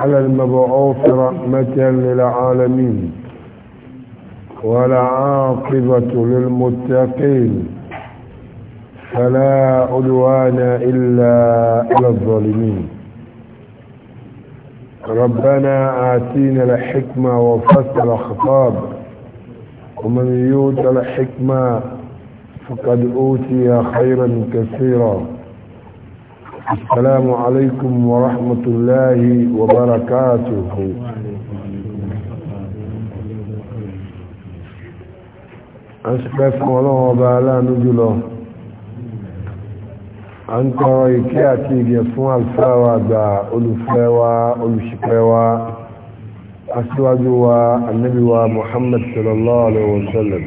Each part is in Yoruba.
على المبعوث رحمة للعالمين والعاقبة للمتقين فلا عدوان إلا على الظالمين ربنا آتينا الحكمة وفصل الخطاب ومن يؤت الحكمة فقد أوتي خيرا كثيرا السلام عليكم ورحمة الله وبركاته أسفف الله وبالا نجله أنت رأيكياتي يسمع الفاوى دا ألفاوى ألشكاوى أسواجوا النبي محمد صلى الله عليه وسلم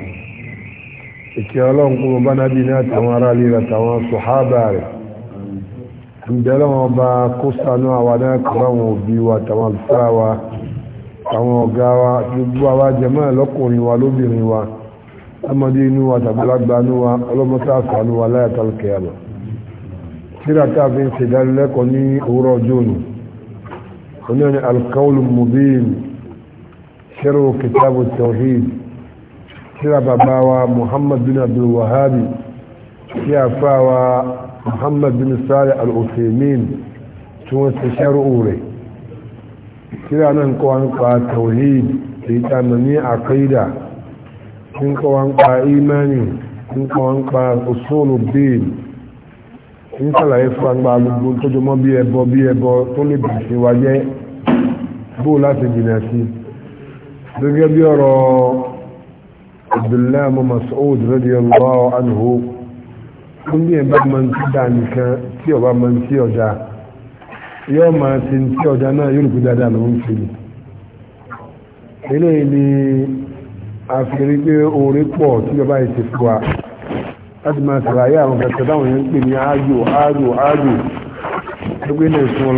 إكي الله قلوبنا بنا تمارا لي وتوان صحابة ìbẹ̀rẹ̀ wọn bá kó sánú àwa náà kọ́ra àwọn òbí wa tàwọn àlùfáà wa àwọn ọ̀gá wa gbogbo àwa jẹ̀mọ́ ẹ̀lọ́kùnrin wa lóbìnrin wa ọmọdé inú wa tàbílágbà inú wa ọlọ́mọsá sánú wa láyàtàlùkẹ́ àmà síra tá a fi ń ṣèdánilẹ́kọ̀ọ́ ní òwúrọ̀ ọjọ́ òní oní ọ̀nà alkaul mubin ṣẹ́rọ kìtàbù tawhid síra bàbá wa muhammad bin wahabi sí àfáà wa muhammad bin salih al-usaimin tí wọ́n ti ṣẹ́rù rẹ̀ tíra náà ń kọ́ wọn pa tawhid èyí tá a mọ̀ ní àkídà ń kọ́ wọn pa imani ń kọ́ wọn pa usulu bíi ń sàlàyé fún agbá gbogbo tó jọmọ́ bí ẹbọ bí ẹbọ tó lè bẹ̀rẹ̀ sí wa gẹ́gẹ́ bí ọ̀rọ̀ abdullahi mas'ud radiyallahu anhu ó ní ẹ̀bá máa ń tí dáa nìkan tí ọba máa ń tí ọjà yóò máa ti ń tí ọjà náà yóò rò pé eléyìí ni a fi rí pé oore pọ̀ tí ọba yìí ti fún wa láti máa ṣàlàyé àwọn kẹsàn-án táwọn yẹn ń pè ní áájò áájò áájò tó gbé náà sún ọ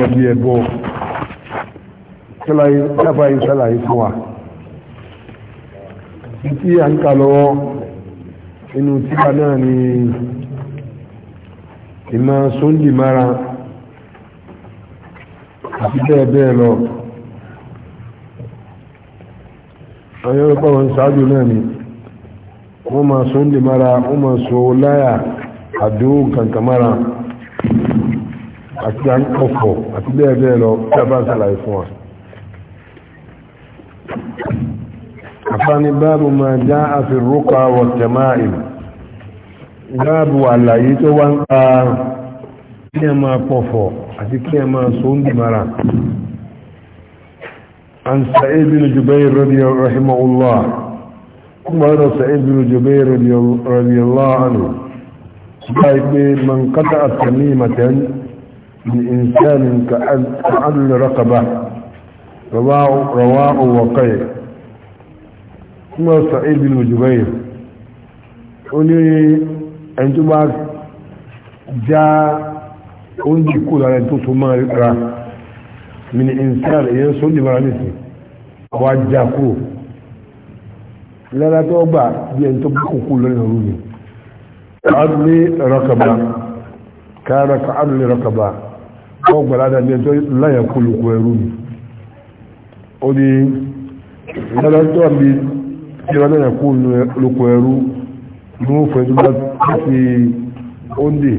lọ dábàá yìí ṣàlàyé fún wa títí à ń kà lọ́wọ́ inú tíba náà ni ìmọ̀ sóńdì mara àti bẹ́ẹ̀ bẹ́ẹ̀ lọ àwọn yọ́rọ̀pọ̀ wọn sáájú náà ni wọ́n máa sóńdì mara wọ́n máa so láyà àdúró kankan mara àti àkọ́fọ̀ àti bẹ́ẹ̀ bẹ́ẹ̀ lọ tí a bá sàlàyé fún wa àfáàní báàbù máa já àfi rúkà wọ̀ tẹ̀máà ìlú ìdáàbò àlàyé tó wá ń pa kí ẹ máa pọ̀fọ̀ àti kí ẹ máa so ń dìmára عن سعيد بن جبير رضي الله رحمه الله قال سعيد بن جبير رضي الله عنه قال من قطع تميمة من إنسان كعدل رقبة رواه رواه وقيع ثم سعيد بن جبير قال ẹni tó bá já oúnjẹ kó lára tó tó máa ra mini insan èyàn sọ ní ìbára nìsí àwọn ajá kó lára tó gbà bí ẹni tó bá kókó lọ́nà rú ni adlé rakaba kára ka adlé rakaba wọ́n gbà ládàá bí ẹni láyà kó lóko ẹrú ni ó ní lára tó àbí ìrọ̀lẹ́yà kó lóko ẹrú mú fẹ̀dúgbà láti oúnjẹ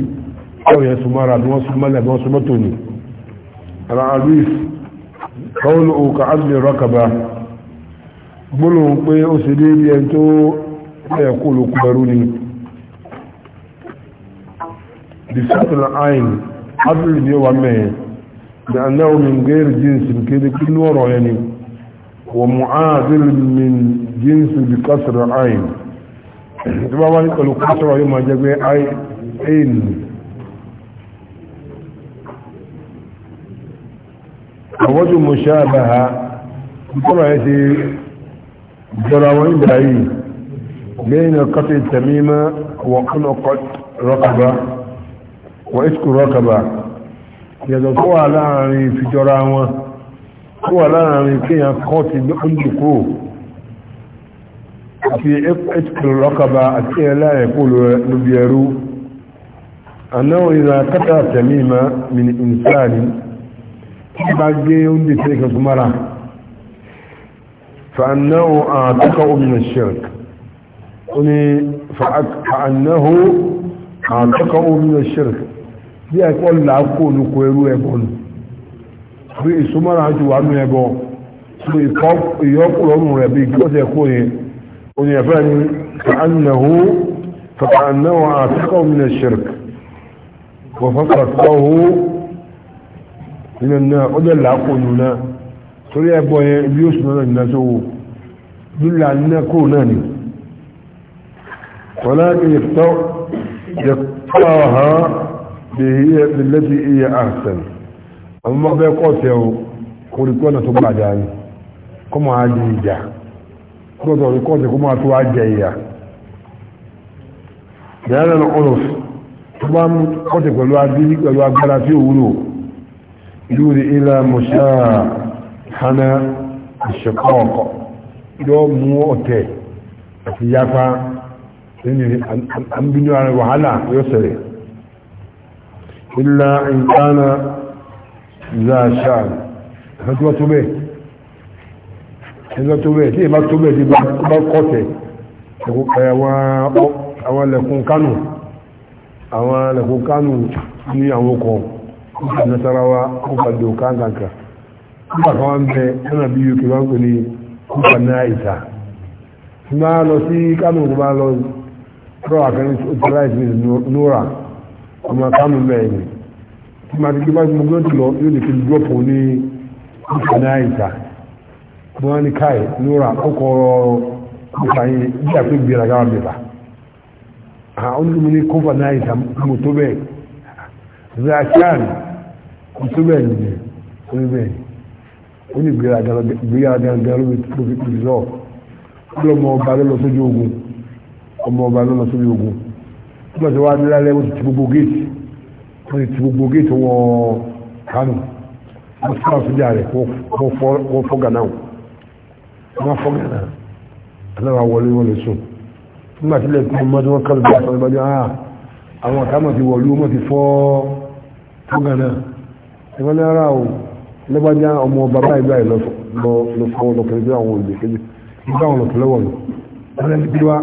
ẹ̀wọ̀n yẹn súnmọ́ ara bí wọ́n súnmọ́ lẹ̀ bí wọ́n súnmọ́ tòní ara alif kọ́ọ̀lù òkà azmi rọ́kàbá gbólóhùn pé ó sì dé bí ẹni tó ẹ̀yẹ kó ló kú ẹrú ni bisatul ain azmi ni ó wà mẹ́ẹ̀ da annáwó min gẹ́rì jíǹsì kéde kí ní ọ̀rọ̀ yẹn ni wọ́n mu'adil min jíǹsì bí kásìrì ain tí wọ́n ní pẹ̀lú kásọ̀rọ̀ yóò máa jẹ́ pé ain àwọ́jú mo àbáha ìtọ́rọ̀ ẹ̀ ti jọra wọn ìgbà yìí lẹ́yìn ọkọ̀tẹ̀ tẹ̀mímọ́ wọ́n kún ọkọ̀ rọ́kàbá wọ́n ìsìnkú rọ́kàbá yàtọ̀ tó wà láàrin ìfijọra wọn tó wà láàrin kéèyàn kọ́ ti gbé oúnjẹ kúrò àti ẹ̀kùn rọ́kàbà àti ẹ̀láyẹ̀kú lóbi ẹrú anáwọn ìrà kátà tẹ̀míma mini ìsáàrí tí bá gé oúnjẹ tí ẹ̀kùn súnmọ́ra fa'annáwò àtọ́kọ̀ òmìnà shirk ó ní fa'annáwò àtọ́kọ̀ òmìnà shirk bí ẹ̀kọ́ làákò olùkọ ونيفاني كأنه فكأنه عاتقه من الشرك وفطرته من النار قد العقولنا تريد أبوه من الناس دل عنا كوناني ولكن يقطعها بالتي هي أحسن أما بيقوته قلت كونة بعد جاني كم عادي جاني gbọ́dọ̀ rí kọ́ọ̀tù kó máa tó wá jẹ ìyà ìyára lọ ọ̀rọ̀ tó bá mú kọ́ọ̀tù pẹ̀lú adílí pẹ̀lú agbára tí ó wúlò ìlú rí ilá mọ̀ṣá hana ìṣẹ̀kọ́ ọkọ̀ yóò mú ọ̀tẹ̀ àti yapa nínú àmbínú ara wàhálà yóò sẹ̀rẹ̀ ilá nǹkan náà za tó bẹ́ẹ̀ ẹgbẹ́ tó bẹ̀ tí ìbá tó bẹ̀ tí bá kọ́tẹ̀ àwọn lẹ̀kùn kánù àwọn lẹ̀kùn kánù ní àwọn ọkọ̀ nípa nasarawa nípa dòkán kankan nípa kan wọ́n bẹ ẹ̀nà bí uk wọ́n pè ní nípa náà ìta ma lọ sí kánù tó bá lọ rọ àkàní ìtàláìsì nura ọmọ kánù bẹ́ẹ̀ ni tí ma ti gbé lọ yóò ní kí drop ní nípa náà ìta wọn ni káì lóra ọkọ̀ ìfàyè bí a fi gbéra gáwà bèbà àwọn onímọ̀ ní kófà náà ìta mọ̀tò bẹ́ẹ̀ zakian mọ̀tò bẹ́ẹ̀ nìyẹn oní bẹ́ẹ̀ oní gbéra gáwà lóbi lọ ọlọmọ ọba lọ sójú ogun ọmọ ọba lọ sójú ogun nígbà tí wàá nílá lẹ́wọ́n ti wọ́n ti ti gbogbo géètì wọ́n kánò wọ́n fọ́ àfijá rẹ̀ wọ́n fọ́ gànáwó wọ́n fọ́ gánà aláwọ̀ wọlé wọlé sùn nígbà tí lẹ́kùn mọ́tò wọn kálù bá sọ̀rọ̀ ìbájú ah àwọn àkámọ̀ ti wọ̀lú wọn ti fọ́ fọ́ gánà ẹgbẹ́ ní ara o lẹ́gbàjá ọmọ bàbá ìgbà ìlọ́fọ́ lọ́kẹ́lẹ́ bí àwọn olùdè kejì nígbà àwọn lọ́kẹ́lẹ́ wọ̀lú wọn lẹ́ni bí wá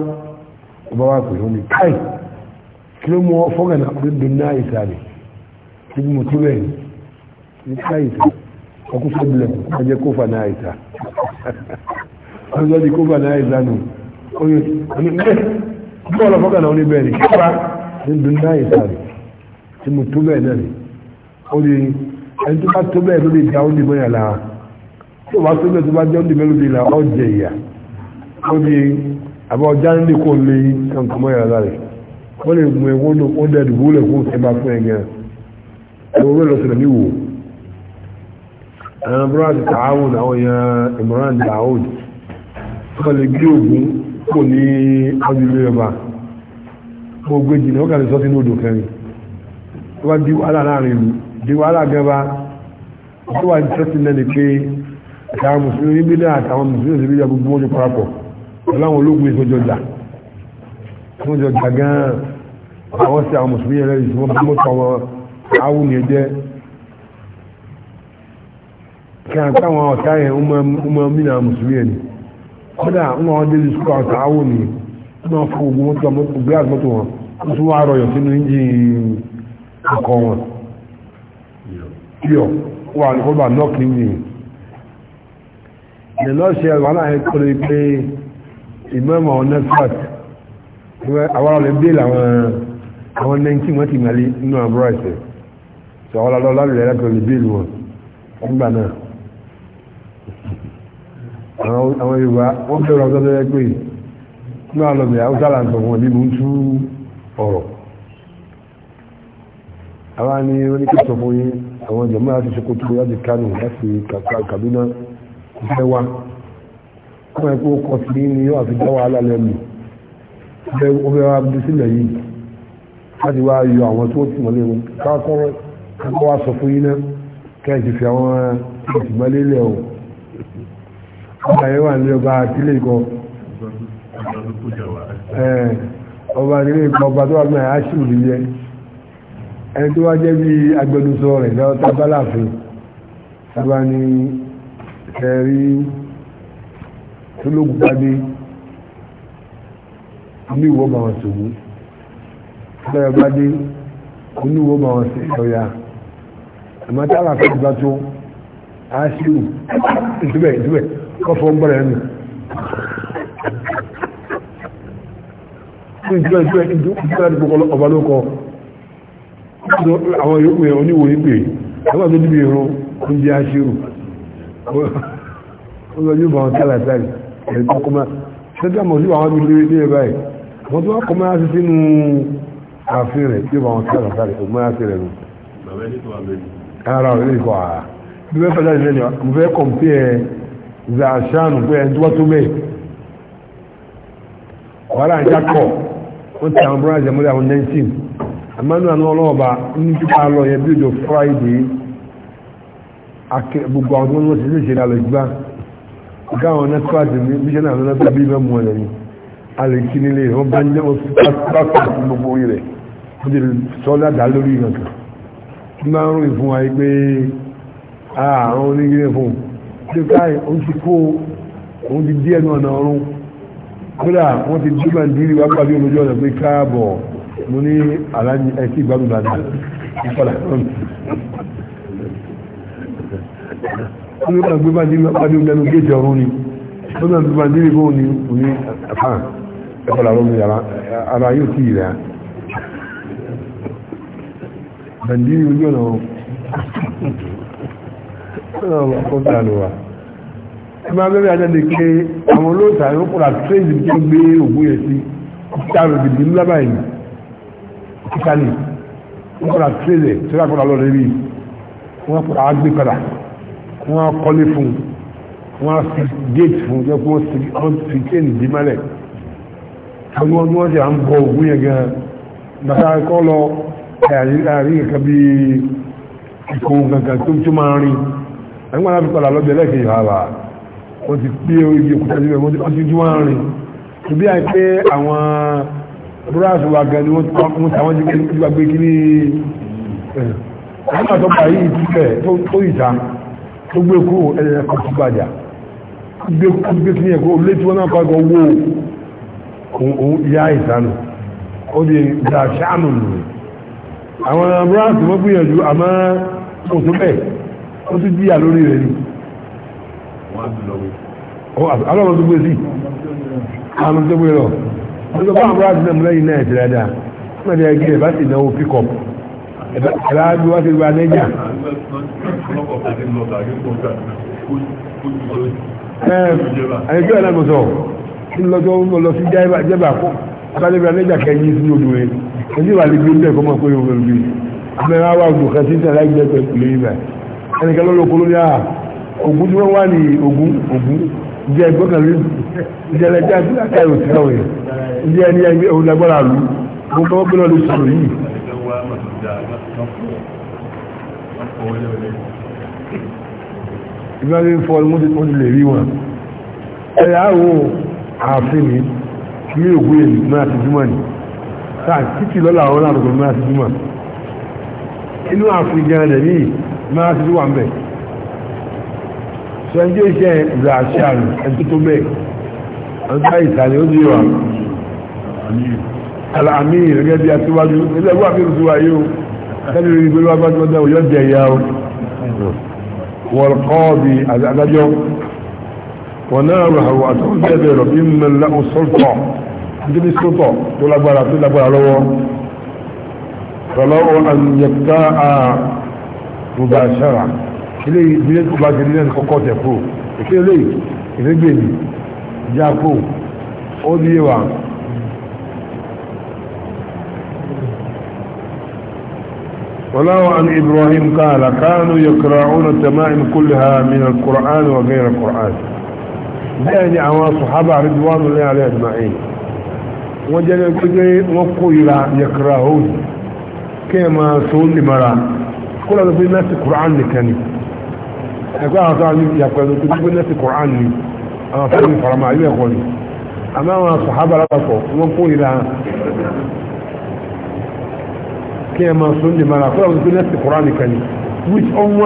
ọba wa pè lónìí káì kí ló mọ fọ́ gánà ọdún dùn náà ìsàlẹ̀ kí mo tó bẹ́ẹ̀ ní káì ìsàlẹ̀ ọkú fẹ́bílẹ̀ ọjẹ́ kófà náà ìta ọjọ́ di kófà náà ìta nù oye oní bẹ́ẹ̀ bọ́ọ̀lù fọ́kà náà oní bẹ́ẹ̀ ni kíkọ́ra ní dùn náà ìta rẹ̀ tí mo tó bẹ́ẹ̀ náà rẹ̀ ó di ẹni tó bá tó bẹ́ẹ̀ ló lè di àwọn onímọ̀ yàrá tó bá tó bẹ́ẹ̀ tó bá jẹ́ onímọ̀ ló lè la ọjẹ́ ìyà ó di àbọ̀ ọjà nílé kó lé kankanmọ́ yàrá rẹ̀ wọ́n lè gun ẹ̀wọ́n ó dẹ̀ dùbúlẹ̀ kó ẹ àwọn búrọ́dì tààwùn àwọn èèyàn Imran Daoud tó lè gbé ògún kò ní ọdúnlé ọba mo gbé jìnà ó kàlẹ̀ sọ́tí ní odò kẹrin tó bá di wàhálà láàrin ìlú di wàhálà gẹba tó wà ní sọ́tí lẹ́ni pé àtàwọn mùsùlùmí bílẹ̀ àtàwọn mùsùlùmí sí bílẹ̀ gbogbo ọjọ́ parapọ̀ kí a táwọn ọ̀tá yẹn ọmọ mìíràn mùsùlùmí ẹni kódà wọn ọdẹ lè sùkọ ọ̀tá awò ni wọn fọ ogun mọ́tò glass mọ́tò wọn wọn tún wá rọyọ̀ sínú engine ọkọ̀ wọn yọ wà ní kọ́ba knock engine ní lọ́ọ̀ṣẹ́ wàhálà yẹn kọ́lé pé ìmọ̀ọ́mọ̀ ọ̀nà fat àwọn ọ̀rẹ́ bẹ́ẹ̀lì àwọn àwọn 19 wọ́n ti mẹ́lẹ̀ nínú àbúrò ẹ̀sẹ̀ sọ àwọn ọlọ́lọ́lọ́ lẹ́lẹ́kọ̀ọ́ lè bẹ́ẹ̀lì wọn nígbà náà àwọn yorùbá wọ́n bẹ̀rẹ̀ ọ̀dọ́ lọ́yẹ́ pé náà lọ bẹ̀rẹ̀ haúsá làǹtọ̀ ní mú ọ̀rọ̀ àwọn ni wọ́n ní kí fún yín àwọn jẹ̀mọ́ láti Sokoto láti Kano láti Kaduna ìfẹ́ wa kọ́ ẹ̀kọ́ kọ́ sí ní yóò àfi dá wàhálà lẹ́nu ó fẹ́ wá bí sílẹ̀ yìí láti wá yọ àwọn tó ti mọ̀lẹ́ wọn káàkọ́ wá sọ fún yín náà kẹ́ẹ̀sì fi àwọn ìtìmọ́lé lẹ̀ ọba yẹn wà ní ọba àtílé kan ọba àtílé kan ọba tó wà ní àṣìlù nílé ẹni tó wá jẹ́ bí agbẹnusọ rẹ̀ lọ́wọ́ tábàláàfin sábà ní ẹ̀rí tólógún pàdé oníwọ́ bá wọn sòwò lọ́yọ̀ bá dé oníwọ́ bá wọn sí ọ̀yà àmọ́ tábà fẹ́ ti bá tó àṣìlù ìtúbẹ̀ ìtúbẹ̀ kọfọ gbọ́rẹ̀ ẹnu ní ìjọ ìjọ ìjọ ìjọ ọba ló kọ àwọn yòókù yẹn oníwò yìí pé àwọn tó níbi ìrún oúnjẹ aṣírù wọ́n lọ yóò bá wọn tẹ́lá tẹ́lá ẹ̀rí tó kọ́má sẹ́jọ́ àmọ̀ sí àwọn ibi ilé ilé báyìí wọ́n tó wá kọ́má sí sínú ààfin rẹ̀ yóò bá wọn zaṣanu pé ẹni tó wá tó bẹ́ẹ̀ wàhálà ń jákọ̀ wọ́n ti àwọn bọ́lá ìjẹmọ́lẹ̀ àwọn 19 àmánú àná ọlọ́ọ̀bà ní pípa lọ yẹ bí òjò friday gbogbo àwọn tó wọ́n ti ṣe ìṣẹ̀lẹ̀ àlọ́gbá ọ̀gá àwọn nẹ́tíwájú ní bíṣẹ́ náà lọ́nà tó bí mẹ́mú ẹ̀rẹ̀ ni alèkí nílé wọ́n bá ń jẹ́ oṣù pàtàkì gbogbo rẹ̀ wọ́n ti sọ ládàá lórí ìgbàkan tí máa ń ròyìn fún wa pé ààrùn onígbé fún un tí ó káyẹ̀ ó ti kó òun ti díẹ̀ náà náà rún kódà wọ́n ti dí màndírí wá pàdé olójú ọ̀nà pé káàbọ̀ mo ní aláàjì ẹtí ìgbádùn dáadáa ìpàdà náà ní wọ́n gbé màndírí wá pàdé olójú ọ̀nà géèjì ọ̀run ni wọ́n náà gbé màndírí bóun ni mo ní àfáàn ẹ̀kọ́ làwọn mi ara yóò tí ì rẹ̀ màndírí ojú ọ̀nà ọ̀run ọ̀run ọ̀kọ́ ẹ máa bẹ́rẹ̀ ajáde pé àwọn olóòtà ló kọ́ra tírèjì tó gbé ògùn yẹn sí kíkà rẹ̀ gidi ńlá báyìí kíkà ní wọ́n kọ́ra tírèjì tí wọ́n kọ́ra lọ́rẹ́ rí wọ́n kọ́ra agbé padà wọ́n kọ́lé fún wọ́n fi géètì fún jẹ́ pé wọ́n fi kéènì dì mọ́lẹ̀ àwọn ọdún wọn ti à ń bọ ògùn yẹn gan bàtà kọ́ lọ àrí kẹ̀kẹ́ bíi ìkòwò gangan tó máa rìn àwọn alábìkọ́ làlọ́bẹ̀ẹ́lẹ́kẹ̀ẹ́ yọ̀ wọ́n ti gbé orí òkúta síbẹ̀ wọ́n ti ọtí tí wọ́n rìn ìbí àìpé àwọn búráàsì wa gan ni wọ́n ti wọ́n ti àwọn ti gbà gbé kiri àwọn àtọ́ bá yìí ti fẹ́ tó ìta tó gbé kú ẹ̀yẹ kan ti gbàjà gbé kiri ẹ̀kọ́ olè tí wọ́n náà kọ́ ẹ̀kọ́ wó òun ìyá ìsánù ó di ìdá sáàmù nù àwọn búráàsì wọ́n gbìyànjú àmọ́ òtún bẹ́ẹ̀ ó ti díyà lórí rẹ̀ ni alọ́wọ́ tó gbé sí àwọn tó gbé lọ wọ́n tó bá àwọn aráàlú náà lẹ́yìn náà ti dáadáa wọ́n ti ẹgbẹ́ bá sì náwó pick up ẹ̀rá bí wọ́n ti gba nẹ́jà. ẹ̀ẹ́dẹ́gbẹ́ náà mo sọ lọ́jọ́ lọ sí jẹ́bà kó abájọ́ gba nẹ́jà kẹ́yìn sí odò rẹ̀ ẹ̀sìn ìwà lè gbé bẹ́ẹ̀ kọ́ máa pé òun lè gbé àmẹ́rẹ́ ogun tí wọ́n wá ní ogun ogun jẹ́ gbọ́kànlé ìjẹ́lẹ̀ jẹ́ àti àkàrí òtítọ́ rẹ̀ jẹ́ ní ẹgbẹ́ òun lágbára lù mo kọ́ gbọ́dọ̀ lè sọ̀rọ̀ yìí. ìgbàlè fọ́ ni wọ́n ti lè rí wọn ẹ̀yà àwọn ààfin mi ní ògùn èlì náà ti júmọ̀ ni sáà títí lọ́la àwọn àrùn náà ti júmọ̀ inú ààfin jẹ́ rẹ̀ ní náà ti júwà ń sọ́njẹ́ iṣẹ́ ìràṣàrù ẹ̀tí tó bẹ́ẹ̀ ọjọ́ ìtàlẹ̀ ó díwà alàmì ìrẹ́gẹ́ bí àtíwájú ilẹ̀ wà fíìmù tí wà yóò tẹ́lẹ̀ rí pẹ̀lú abájọ́dá òyọ́ jẹ ìyá o wọ̀lkọ́ bí adájọ́ wọ̀n náà rọ̀ àwọn àtọ́jẹ́ bẹ̀rọ̀ bí mẹ́lá ilé ìdílé tó bá jẹ nílẹ̀ kọ́kọ́ tẹ̀ kúrò èké ilé ìrégbèmí ìjà kúrò ó ní ìwà وله عن إبراهيم قال كانوا يقرؤون التمائم كلها من القرآن وغير القرآن bẹ́ẹ̀ni àwọn sọ̀hábà ríduwánu ní alẹ́ ìdìmáyé wọ́n jẹ́ pé wọ́n kó ìra yẹ̀kìrà òun kí ẹ máa sọ ó mara kó lọ́dọ̀ bí láti kùrán nìkan ni ẹgbẹ́ àwọn sọ àwọn ìyàpẹ̀lú tó gbé lẹ́sìn koran ni àwọn fẹ́ mi farama ilé ẹ̀kọ́ ni àmọ́ àwọn sàhábà lápapọ̀ wọ́n kó ìlà kí ẹ máa sún lè mara fún àwọn tó gbé lẹ́sìn koran nìkan ni which ọmọ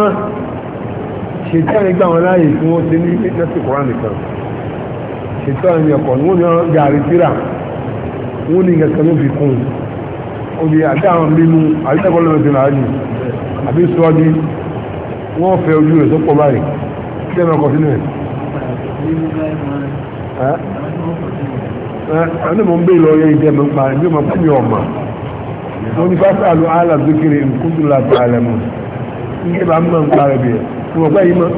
ṣètò ẹgbẹ́ àwọn láàyè tí wọ́n ti ní lẹ́sìn koran nìkan ṣètò ẹgbẹ́ ẹ̀kọ́ ni wọ́n ní wọn gàrí tíra wọ́n ní nǹkan ló fi kún un ó di àwọn mímú àbí wọ́n fẹ́ ojú rẹ̀ tó pọ̀ báyìí kí ẹ̀mọ̀ kọ̀ sínú ẹ̀ ẹni mọ̀ ń bè lọ yẹ ìjẹ́ mi pa ẹni mọ̀ fún mi ọ̀mà wọ́n ní fásitì àlọ́ àlà zikiri nkúndùn láti àlẹ́ mu ní bá mọ̀ ń parẹ́ bìí fún ọgbà yìí mọ̀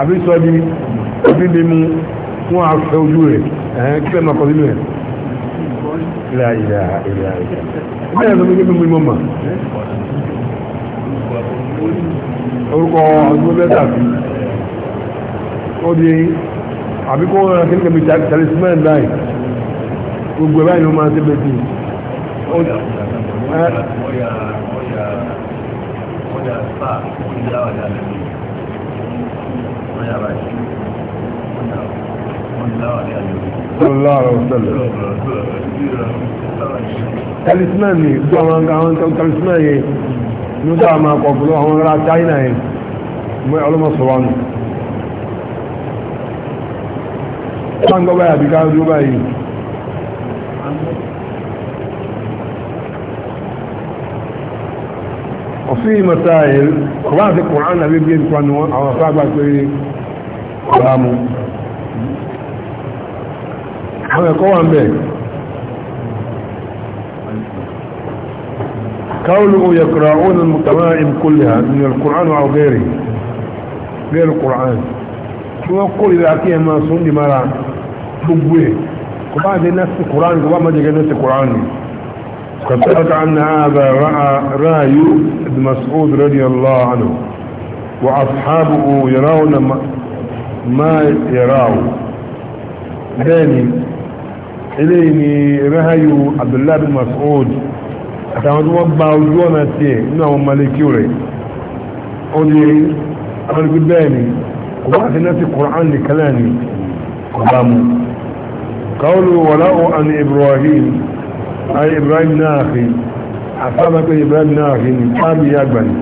àbí sọ di ẹbí mi mú wọn á fẹ́ ojú rẹ̀ ẹ̀hẹ́n kí ẹ̀mọ̀ kọ̀ sínú ẹ̀ ilẹ̀ ayé ilẹ̀ ayé ilẹ̀ ayé ilẹ̀ ayé ilẹ̀ ayé ilẹ̀ ayé orúkọ ọdún mẹ́ta bí ó di àbí kó wọn kí ní kẹ́mi talisman báyìí gbogbo ẹ̀ báyìí ló máa ń tẹ́lẹ̀ sí talisman ni gbọ́n àwọn talisman yẹn ní ó dáa máa kọ̀ọ̀bùn àwọn ará China ẹ̀ mọ́ ọlọ́mọ̀sọ̀ wa nù sáńgọ́ báyìí àbí ká rí báyìí ọ̀fí masáyìí wá sí bí bí àwọn afágbà pé ọ̀rá mu àwọn ẹ̀kọ́ wà ń bẹ̀rẹ̀ قوله يقرؤون المتمائم كلها من القرآن أو غيره غير القرآن يقول إذا أتيها ما سندي مرا بقوه وبعد في القرآن وبعد ما جاء في القرآن فسألت عن هذا رأى رأي ابن مسعود رضي الله عنه وأصحابه يرون ما يراه ثاني إليني رأي عبد الله بن مسعود àtàwọn tí wọ́n gba ojú ọ̀nà tiẹ̀ nínú àwọn maliki rẹ̀ ó di àwọn ibi bẹ́ẹ̀ ni kò bá ti náà ti Qur'an nìkan náà ni kò bá mu kawlu wala'u an Ibrahim ay Ibrahim náà fi àfáàmà pé Ibrahim náà fi ní tábì yàgbà ni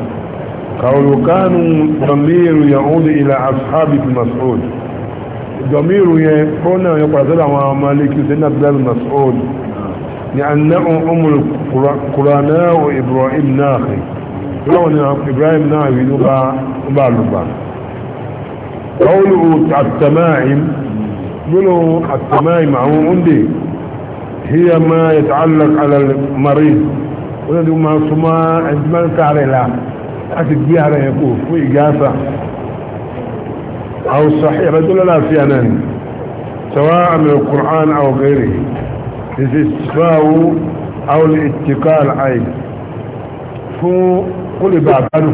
kawlu kánú dọ̀míru ya'udu ila ashabi Mas'ud dọ̀míru yẹn fọ́nà yẹn pàṣẹ لأنه أم القرآن وإبراهيم ناخي لون إبراهيم ناخي لغا بالبا قوله التمائم منه التمائم عموم دي هي ما يتعلق على المريض ولد ما سما عندما تعري لا أكد بيها لا يكون في إجافة أو صحيح رجل لا في أنان سواء من القرآن أو غيره ìsìsìfáwó àwọn ìtìká àlàyé fún kó lè bá àbádù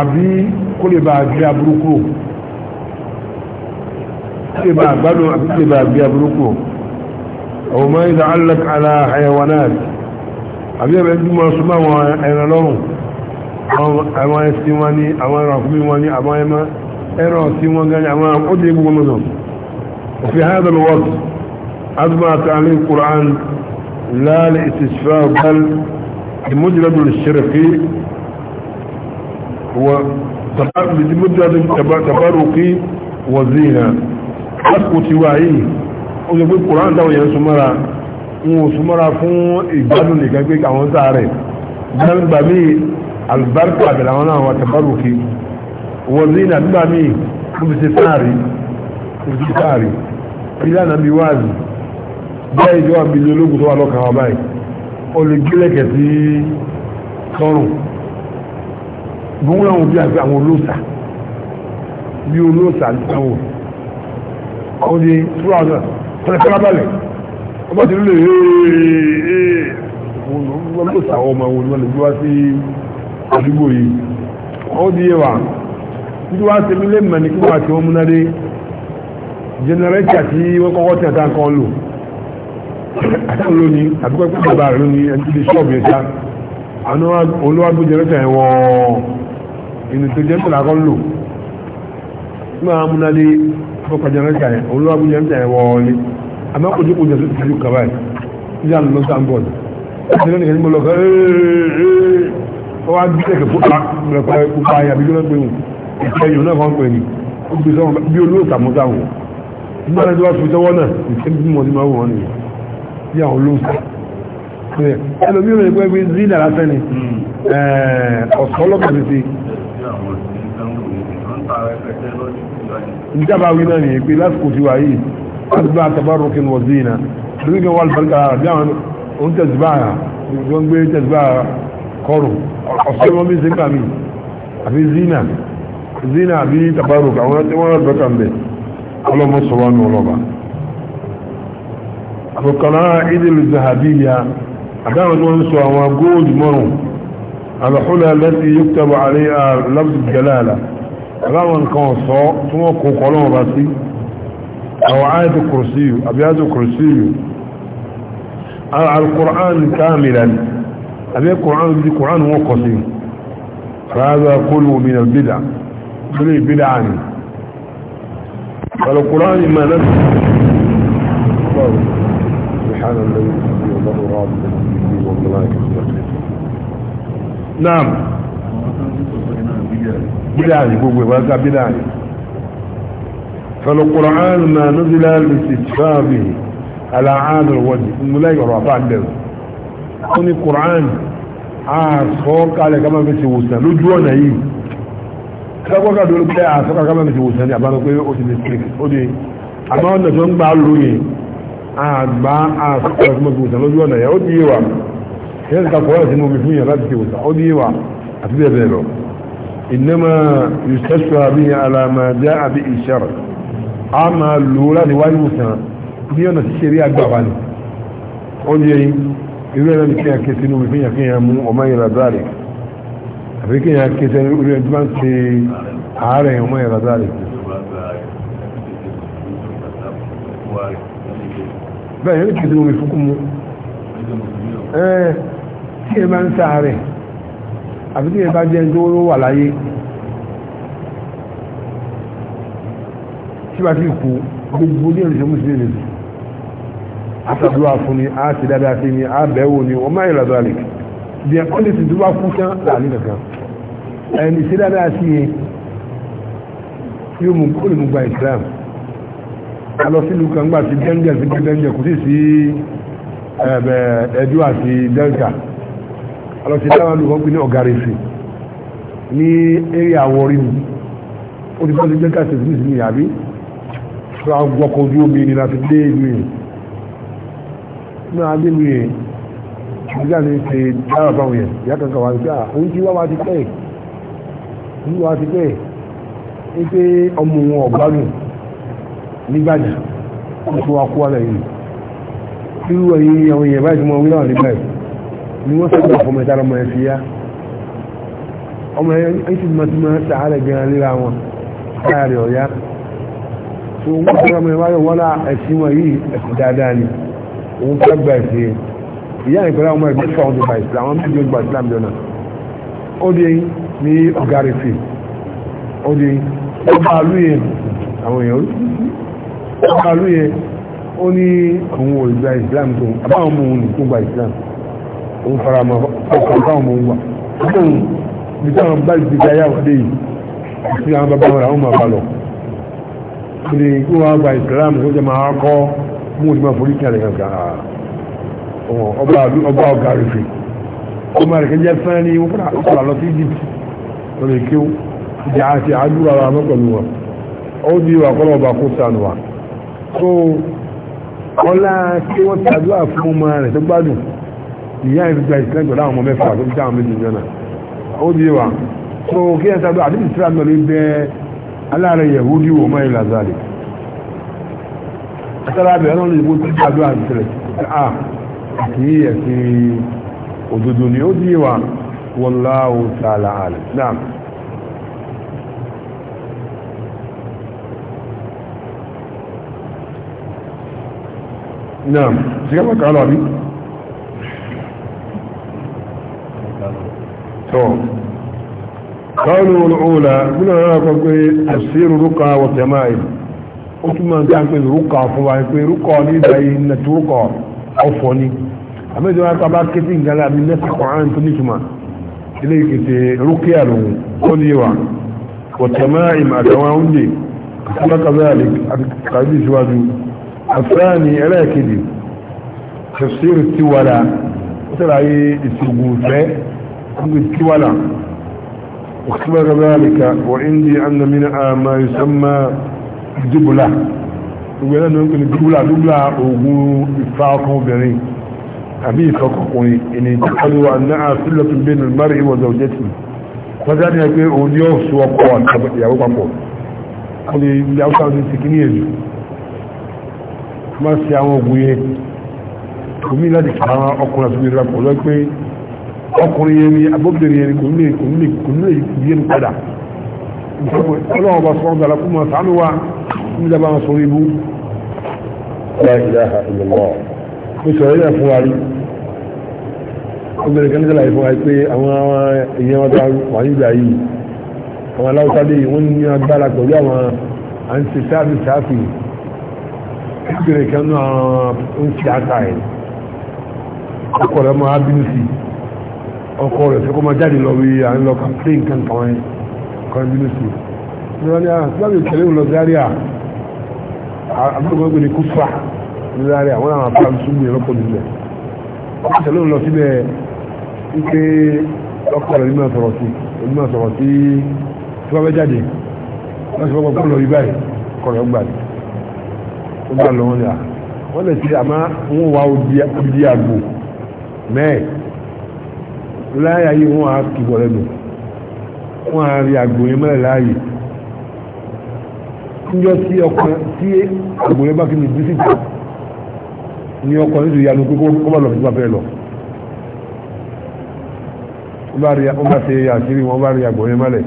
àbí kó lè bá àgbé aburúkú kó lè bá àbádù àbí kó lè bá àgbé aburúkú ọ̀wọ̀ mọ́ ìdá alẹ́k ala hayawanat àbí ẹ̀bẹ̀ tí wọ́n súnmọ́ àwọn ẹran lọ́rùn àwọn ẹsìn wọn ni àwọn ẹran ọkùnrin wọn ni àwọn ẹran ọ̀sìn wọn gan ni àwọn ó dé gbogbo mọ́tò òfin hàn أما تعليم القرآن لا لاستشفاء بل لمجرد الشرقي هو لمجرد تبرقي وزينة أسكو تواعي ويقول القرآن ده ويان سمرا وسمرا فون إجبال لكي يكون كعوان ساري بل بمي البركة بالعوانا هو تبرقي وزينة بمي كبسي ساري كبسي ساري إلا نبي وازي bẹ́ẹ̀ ìjọ àbílẹ̀ ológun tó wà lọ́kàn wa báyìí o lè gílẹ̀kẹ̀ sí sọ́rùn gbóhùn láwọn bí àti àwọn olóòsà bí olóòsà láwọn ọdí túrọ̀dọ̀ tẹ́lẹ̀kọ́lábàlẹ̀ ọba ti lè olóòsà ọmọ wọn ni wọ́n lè gbé wá sí àdúgbò yìí ọdí yẹwà nítorí wá sí ilé mẹ́ni kí wọ́n àti wọn múnadé jẹnẹrẹ́tì àti wọ́n kọ́kọ́ tẹ̀ tá lò àtàwọn lónìí àbúkọ́ pé bàbá rẹ̀ lónìí ẹni tí ṣọ́ọ̀bù yẹn ta olúwàgbó jẹrẹta ẹ̀wọ̀ inú tó jẹ́ pẹ̀lú akọ́ ń lò máa múnadé fọ́kà jẹrẹta ẹ̀ olúwàgbó jẹrẹta ẹ̀wọ̀ ni àmọ́ kò dípò jẹ́sọ́ ìtàjú kaba ẹ̀ ní àná lọ sáà ń bọ̀ ní ìṣẹ̀lẹ̀ nìkan ní mo lọ kọ́ ọ wá bí ẹ̀kẹ́ fún àpẹẹrẹ pupa ayé àbí jọ́nà pẹ̀lú ìṣẹ́ yìí náà kàn pẹ̀ ní ó gbé sọ́wọ́n bí olóòtà mọ́ta wọn nígbà tí wọ́n fi sọ́wọ́ náà ìṣẹ́ bí mo ti máa wọ̀ wọn nìyẹn bí àwọn olóòsà ẹlòmí rẹ̀ pẹ́ pé zí dára sẹ́ni hmm. ọ̀sọ́lọ́pàá ti ṣe ìjábá wí náà nìyẹn pé lásìkò tí wà yìí láti bá àtàbárùkín wọ̀ sí iná lórí kan wà lùbáríkà bí àwọn ohun tẹ̀síbá wọ́n gbé tẹ̀síbá kọrù ọ̀sọ́ wọn bí sí gbà mí àbí zina zina àbí tàbárùkà wọ́n rẹ̀ bẹ́kà ń bẹ̀ ọlọ́mọ sọ wọn nù ọlọ́ba القلائد الذهبية أدامت ونسوا التي يكتب عليها لفظ الجلالة ثم راسي أو القرآن كاملا أبي القرآن دي قرآن هو قصير فهذا كله من البدع كله بدعاني فالقرآن ما نفسه naam bídà ní gbogbo ìwà ká bídà ní فالقرآن ما نزل باستشفافه على عاد الوجه ملا يرى بعد ذلك قل القرآن àsọ́ọ́ká alẹ́ ká máa fi ṣe wòsàn lójú ọ̀nà yìí sọ́kọ́ká tó pẹ́ àsọ́ọ́ká ká máa fi ṣe wòsàn ní àbámọ́ pé ó ti lè ṣe ó dé àmọ́ ọ̀nà tó ń gbà lóyìn àgbà àsọ́ọ́ká ká máa fi ṣe wòsàn lójú ọ̀nà yẹn ó di yé wa yẹn ti ka kọ́ra sínú omi fún yàrá ti wòsàn ó ní wa àti bẹ́ẹ̀ bẹ́ẹ̀ lọ ìnáma yusufà bí alamadé àbí ìṣẹ́rẹ̀ a máa lò láti wáyé wòsàn bí ọ̀nà ti ṣe rí àgbà wa ni ó ní ẹyin irú ẹ̀rọ ni kí yàn ké sínú omi fún yàn kí yàn mú ọmọ yẹn làdáre àbí kí yàn ké sẹ́ni irú ẹni tó bá ń ṣe àárẹ̀ ọmọ yẹn làdáre. bẹ́ẹ̀ yẹn ni kí sínú omi fún tí ẹ máa ń sáàrẹ̀ àbí tí ẹ bá jẹ́ tó ló wà láyé tí bá ti kú gbogbo ní ẹ̀rùsẹ̀ mùsùlùmí àtàdúrà fún ni a ti dáadáa sí ni a bẹ̀wò ni wọ́n máa ìlàdọ́ àlè bí ẹ kọ́ lè ti dúró kú tán láàrin kankan ẹni sí dáadáa sí yẹn yóò mú kó lè mú gba ìsìlámù alọ sílùú kan gbà sí dẹ́ńgẹ̀ sí dẹ́ńgẹ̀ kò sí sí ẹ̀ẹ́dẹ́dú àti delta alọ́sí táwọn olùkọ́ pín ní ọ̀gárífì ní eré àwọrí mu ó ti fọ́sí gbé káṣí ìlú ìsinmi àbí tó a gbọ́kọ̀ ojú omi ni láti dé ìlú yẹn náà dé ìlú yẹn nígbà tí ṣe dára báwọn yẹn ìyá kankan wà nígbà òun ti wá wá ti pẹ́ òun wá ti pẹ́ ẹ pé ọmọ wọn ọ̀gbánù nígbàdì ó ti wá kó wá lẹ́yìn irú ẹ̀yìn àwọn èèyàn báyìí tí wọ́n wí náà nígbà yìí ni wọ́n sọ gbà fọmọ ìtara ọmọ ẹ̀ fi yá ọmọ ẹ̀ ń ti mọ tí mo ń sàárẹ̀ gan léra wọn káyà rẹ̀ ọ̀yá tó wọ́n sọ ọmọ ẹ̀ wáyọ̀ wọ́n ẹ̀sìn wọn yìí ẹ̀sìn dáadáa ni òun fẹ́ gba ẹ̀sìn yẹn ìyá ìpínlẹ̀ ọmọ ẹ̀gbẹ́ ó ní àwọn èèyàn ọba tó àbáwọn ọmọ òun nìkú gba Islam òun fara mọ́ ọkàn táwọn ọmọ wa nítorí bí táwọn bá ti di ayé àwọn dé yìí àti àwọn bàbá wọn làwọn máa bá lọ kiri kí wọn gba Islam tó jẹ máa kọ mú ìdímọ̀ forí kí alẹ́ kankan ọba ọgá rẹ̀fẹ̀ ọmọ rẹ̀ kẹjẹ fẹ́ ni wọ́n fara lọ sí Egypt lọ́nà ìkéw ìdí àti àdúrà wa mẹ́pẹ̀lú wọn ó di wà kọ́lọ̀ ọba kó sànù wa so ọlá kí wọ́n ti àdúrà fún ọmọ rẹ̀ tó gbádùn ìyá ìgbà ìsìlẹ̀ pẹ̀lú àwọn ọmọ mẹ́fà tó ń dáhùn méjì yọ náà ó di wa so kí ẹ sábà àdébì síra mẹ́lẹ́ bẹ́ aláàrẹ̀ yẹ̀húdí wò mọ́ ìlà zàlẹ̀ àtàrà bẹ̀rẹ̀ náà lóyìnbó tó ti àdó àtìrẹ̀ à àti ẹ̀sìn òdodo ni ó di wa wallahu ta'ala alim náà نعم سيما قالوا بي قالوا الأولى من تفسير رقى وتمائم أتما كان في رقى فما في رقى لي بين رقى عفوني أما إذا كان كثير قال من نفس القرآن تنجمع إليك رقيا له قديوا وتمائم أدواهم لي خلق ذلك قد جواجه الثاني ألا كذب تفسير التولى وتلعي السجود ولا واختبر ذلك وعندي أن من ما يسمى الدبلة وقال أنه يمكن الدبلة دبلة وقول إفاقه بني أبي فققني إن يتحدوا أنها سلة بين المرء وزوجته فذلك يقول أوليوه سوى قوان يا أبو قول قال لي أوسع من سكينية ما سيعمل قوية ومن لديك أنا أقول أسبير رب قول ọkùnrin yẹn ni abóbìnrin yẹn ni kò ní kò ní kò ní yé mi padà ọlọ́wọ́ bá sọ́ọ́ gbàlá kúmọ̀ sánú wa kúmi dábàá wọn sọ̀rọ̀ ibú. ọlá ìdáhà ìlọ́wọ́ mo sọ̀rọ̀ yẹn fún wa rí obìnrin kan ní sọ́la yìí fún wa pé àwọn èèyàn wọn tó wà nígbà yìí àwọn aláwọ̀sá dé wọ́n ní agbára pẹ̀lú àwọn à ń ṣe obìnrin kan náà ń ṣe àtà ẹ̀ ọkọ̀ rẹ̀ máa bínú sí i ọkọ rẹ̀ fẹ́ kó máa jáde lọ wí à ń lọ kàpé nǹkan kan ẹ̀ kan bínú sí i ní ah, wọ́n ní àtúbàbí ìkẹlẹ́ òun lọ Zaria àbúrò gbẹ́gbẹ́ kúfà ní Zaria wọ́n àwọn apá ṣubú yẹn lọ́pọ̀ nílẹ̀ ìkẹlẹ́ òun lọ síbẹ̀ wípé ọkọ rẹ̀ nímọ̀ sọ̀rọ̀ sí onímọ̀ sọ̀rọ̀ sí tí wọ́n fẹ́ jáde wọ́n sì fọ́pọ̀ kúrò lórí báyìí kọ̀rọ̀ gbà ní wọ́n bá lọ́wọ́ ní à ah, wọ́n lè ṣe àmọ́ wọn wá odi àgbo mẹ́ẹ̀ láyà yìí wọ́n á kìbọ̀ lẹ́nu wọ́n á rí àgbòyìn mẹ́rẹ̀ láàyè níjọ́ tí ọkọ̀ tí àgbòyìn bá fi ní bí síta ní ọkọ̀ nítorí yanu pé kó bá lọ fún bàbá ẹ lọ wọ́n bá ṣe àṣírí wọ́n bá rí àgbòyìn mẹ́rẹ̀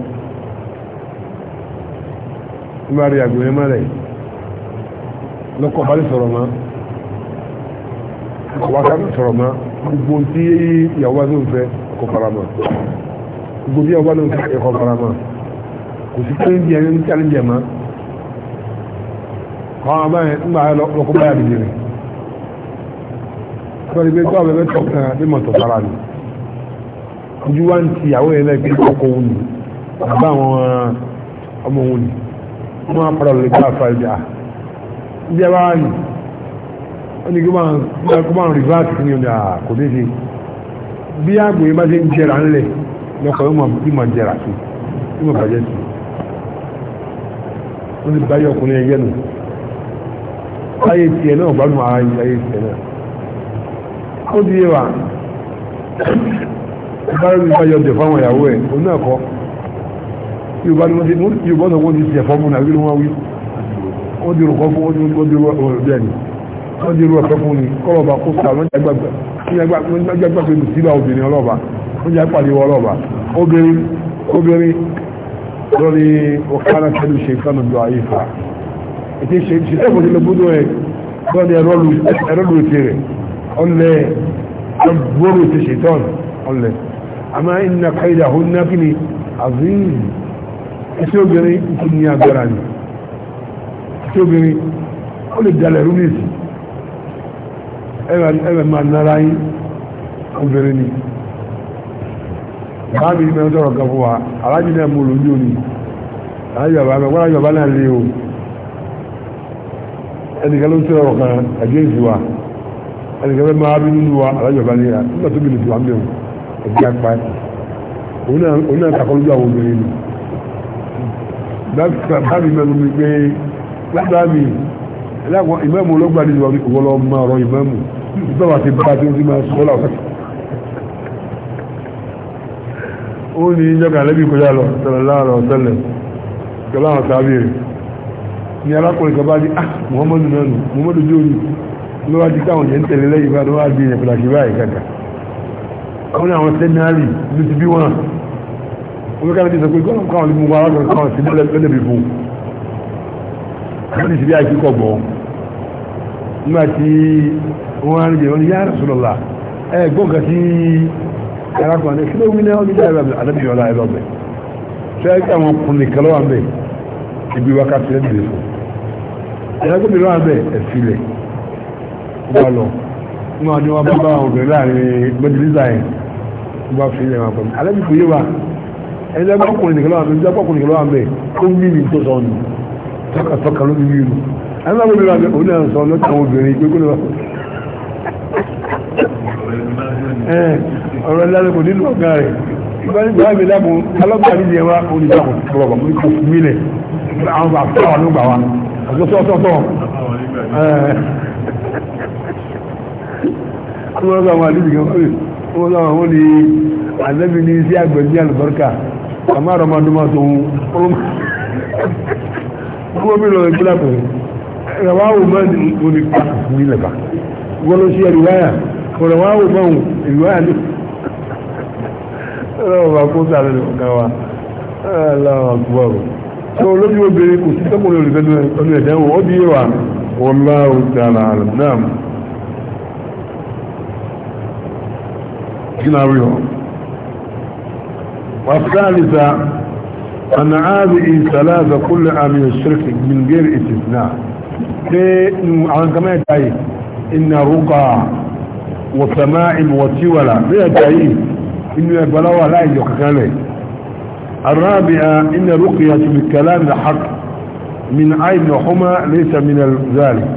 wọ́n bá rí àgbòyìn mẹ́rẹ̀ lọ́kọ̀ bá lè sọ̀rọ̀ mọ́ ọ̀wá ká lè sọ̀rọ̀ mọ́ gbogbo tí ìyàwó bá ń fẹ́ kó fara mọ́ gbogbo bí ọba ló ń ká ẹ̀kọ́ fara mọ́ kò sí pé ń di ẹni ń tẹ́lẹ̀ jẹ̀ mọ́ àwọn abáyẹn ń gbà lọ́kọ́ báyà bìí rẹ̀ sọ́ni pé tó àwọn ẹgbẹ́ tọ̀ kan bí mo tọ̀ sára ni ojú wa ń ti ìyàwó yẹn náà pé ọkọ òun ni àbá àwọn ọmọ òun ni wọ́n á padà lè gbá àfa ìjà ń jẹ́ báyìí wọ́n ní kí wọ́n máa rìvásì ní ọjà kò dé ṣe bí àgbò yìí bá ṣe ń jẹrà ńlẹ̀ lọ́kọ̀ yóò mọ̀ jẹrà sí yóò mọ̀ bàjẹ́ sí wọ́n ti báyọ̀ ọkùnrin ẹgbẹ́ nù ayé tiẹ̀ náà bá nù ayé tiẹ̀ náà ó di yé wa báyọ̀ ní báyọ̀ jẹ̀ fáwọn ìyàwó ẹ̀ òun náà kọ́ yorùbá ni wọ́n ti yorùbá náà wọ́n ti jẹ̀ fọ́ọ̀mù náà wí ni wọ́n wí wọ́n ti rò kọ́ fún wọ́n ti rò ọ̀rọ̀ bẹ́ẹ̀ ni wọ́n ti rò ọ̀fẹ́ fún ni kọ́ jẹ́gbàgbé mùsílà obìnrin ọlọ́ba ó jẹ́ pàdé ọlọ́ba obìnrin obìnrin lórí ọ̀kára tẹ́lú ṣe kánà lọ ayé fa ètò ṣe ṣe lọ́gbọ́dọ̀ ẹ̀ lọ́ni ẹ̀rọ́lù ètè rẹ̀ ọlẹ́ ọgbọ́rọ̀ ètè ṣe tọ́n ọlẹ́ àmá iná dalẹ̀ rúmìsì ẹ̀rẹ̀ máa nára yín obìnrin ni báàmì ní mẹ́rin tọ́rọ gafọ́ wa alájì náà mú lójú òní alájọba mẹ́ wọ́n alájọba náà lé o ẹnìkan ló ń tẹ́rọ ọ̀rọ̀ kan ẹ̀jẹ̀ ìsì ẹnìkan fẹ́ máa bí nínú wa alájọba lé a nígbà tó bìnrin tó wà ń bẹ̀rù ẹ̀jẹ̀ apá òun náà takọ́ lójú àwọn obìnrin ni báàmì mẹ́rin mi pé lábàámi ẹlẹ́gbọ́n ìmẹ́mù ló gbà nínú ìwọlọ́ máa rọ ìmẹ́mù ìgbàwà ti bá tí ó ti máa sọ́lá ọ̀sẹ̀ ó ní ìjọba lẹ́bí kọjá lọ tẹ̀lẹ̀ láàrọ̀ tẹ́lẹ̀ pẹ̀lú àwọn sábẹ́ rẹ̀ ní arákùnrin ah muhammadu mẹ́nu muhammadu jóni ló wá di káwọn yẹn tẹ̀lé lẹ́yìn bá ló wá di ìyẹn pàtàkì báyìí kàkà ó ní àwọn sẹ́mínárì ló ti bí wọn ó ní káwọn ti sọ pé kọ́nà káwọn lè mú wa arákùnrin káwọn ní ìsìlẹ̀ àìsíkọ̀ bọ̀ nígbà tí wọ́n á ń jẹ wọ́n yá Rasulullah ẹ gbọ́ǹkà sí arákùnrin kí ló wí náà ní ìdáyà rẹ̀ àdábì ọ̀la ẹ̀rọ bẹ̀ ṣe é kí àwọn ọkùnrin nìkan lọ́wọ́ bẹ̀ ibi wákàtí ẹ̀ bèrè fún ẹ̀rọ gbọ́dọ̀ lọ́wọ́ bẹ̀ ẹ̀ sílẹ̀ wọ́n lọ náà ni wọ́n bá bá obìnrin láàrin mẹ́tìlísà yẹn wọ́n bá fi ilẹ̀ wọn pẹ̀lú alẹ́ tọ́kàtọ́kà ló bí ìlú alábòmíràn ní òun náà sọ lọ́tà àwọn obìnrin pé kúrò ọ̀rọ̀ ìlànà kò nínú ọ̀gá rẹ̀ ìgbàlódé àmì lábùn alọ́gbà nídìí ẹwà olùdókòwò ọ̀rọ̀ mi kò fún mi lẹ̀ àwọn àfẹ́ àwọn ọ̀gbà wa àtọ́tọ́tọ́ àwọn ọ̀gá àwọn àdìsí kan wọ́n lọ́wọ́ àwọn ní àdẹ́bí ní sí àgbẹ̀bí àlùbọ́ríkà àmọ́ àrọ̀mọdúnmọ́ tó ń kó mi lọ ìpínlẹ̀ pọ̀ rẹwà wò mọ́ ní orí pàtàkì nílẹ̀ bá wọ́n ló ṣe ìrìwáyà kò rẹwà wò mọ́ ìrìwáyà ní ọlọ́wọ́ bá kó sáré ọ̀gá wa ọlọ́wọ́ gbọ́ rò tó olóbi obìnrin kò sí tọ́kùnrin olùfẹ́ ọdún ẹ̀dẹ́wò ó di yẹwà wọn bá ó dára náà kí náà rí ọ wàá fi dáhà أن هذه ثلاثة كل عام يشرك من غير استثناء عن كما يتعي إن رقع وسماء وتولى ما يتعي إنه يبلوى لا يقكاله الرابعة إن رقية بالكلام الحق من عين وحمى ليس من ذلك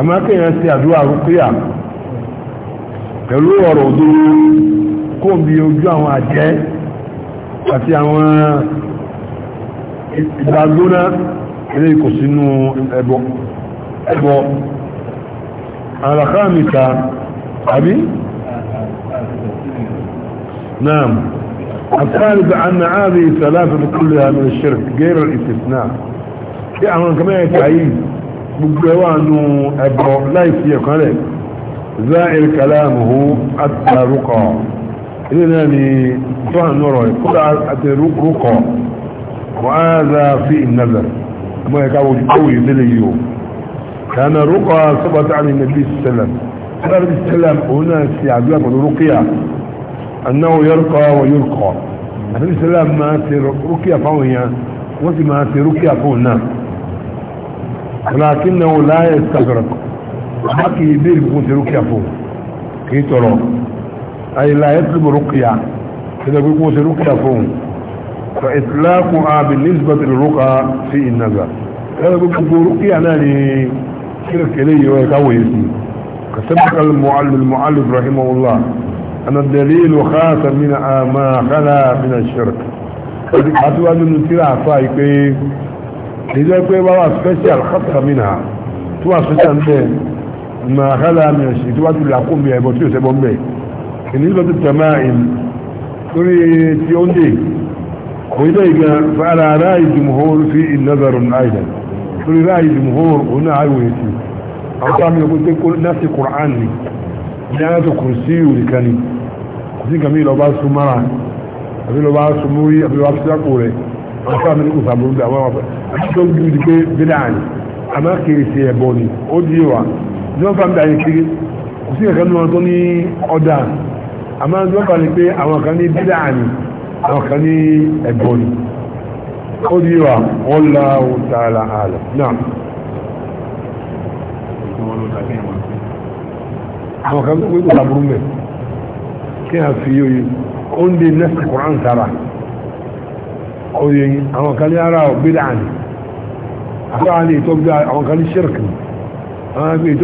أما كان يستعدوا رقية pẹ̀lú ọ̀rọ̀ òdó kó bí ojú àwọn àjẹ́ àti àwọn ìgbàgbóná ilé kò sínú ẹbọ ẹbọ àràkáàmìta àbí نعم الثالث أن هذه الثلاثة كلها من الشرك غير الاستثناء في أمام كما يتعيين بجوان أبو لا يسيق عليه زائر كلامه اتى رقى إذن هذه فهن نرى كل رقى وهذا في النظر ما يكاو قوي دليو كان رقى ثبت عن النبي صلى الله عليه وسلم النبي صلى الله عليه وسلم هنا في عبدالله الله رقية أنه يرقى ويرقى النبي صلى الله عليه وسلم ما في رقية فوهيا وفي ما في رقية فوهنا لكنه لا يستغرق حقي يبير بكون في رقية فوه كي ترى أي لا يطلب رقية كده بيكون في رقية فوه فإطلاقها بالنسبة للرقى في النظر هذا بقول رقية أنا لشرك إليه ويكويسي كسبق المعلم المعلم رحمه الله أن الدليل خاص من ما خلا من الشرك أتوا أن نتلع فايك إذا كنت بابا سبيشال خطة منها توا سبيشال ما خلا من الشرك توا تلعقون بها يبوتيو سيبون بي بالنسبة للتمائم تري تيوندي وإليك فعلى رأي الجمهور في نظر أيضا رأي الجمهور هنا عيوتي أعطام يقول تقول نفس القرآن نهاية كرسي ولكني كرسي كميل أبا سمرا أبيل أبا سموري أبيل أبا سيقوري أعطام يقول سابر دعوة أعطام يقول بدعني أما كرسي يبوني أوديوا نعم فهم دعي كرسي كرسي كان نوانتوني أدان أما نعم فهم دعي كرسي أما كان نوانتوني أدان àwọn kan ní ẹ̀gbọ́n ni ó di wa wọ́n la ohun tààlà ààlẹ̀ náà àwọn kan tó gbégbé ìtàbùrú mẹ́ kí a fi yóò yí ó ń di nẹ́sì kùrán sára oye àwọn kan ní ara ògbédà ní àfáà ní ìtọ́ gbé àwọn kan ní ṣírkì àwọn kan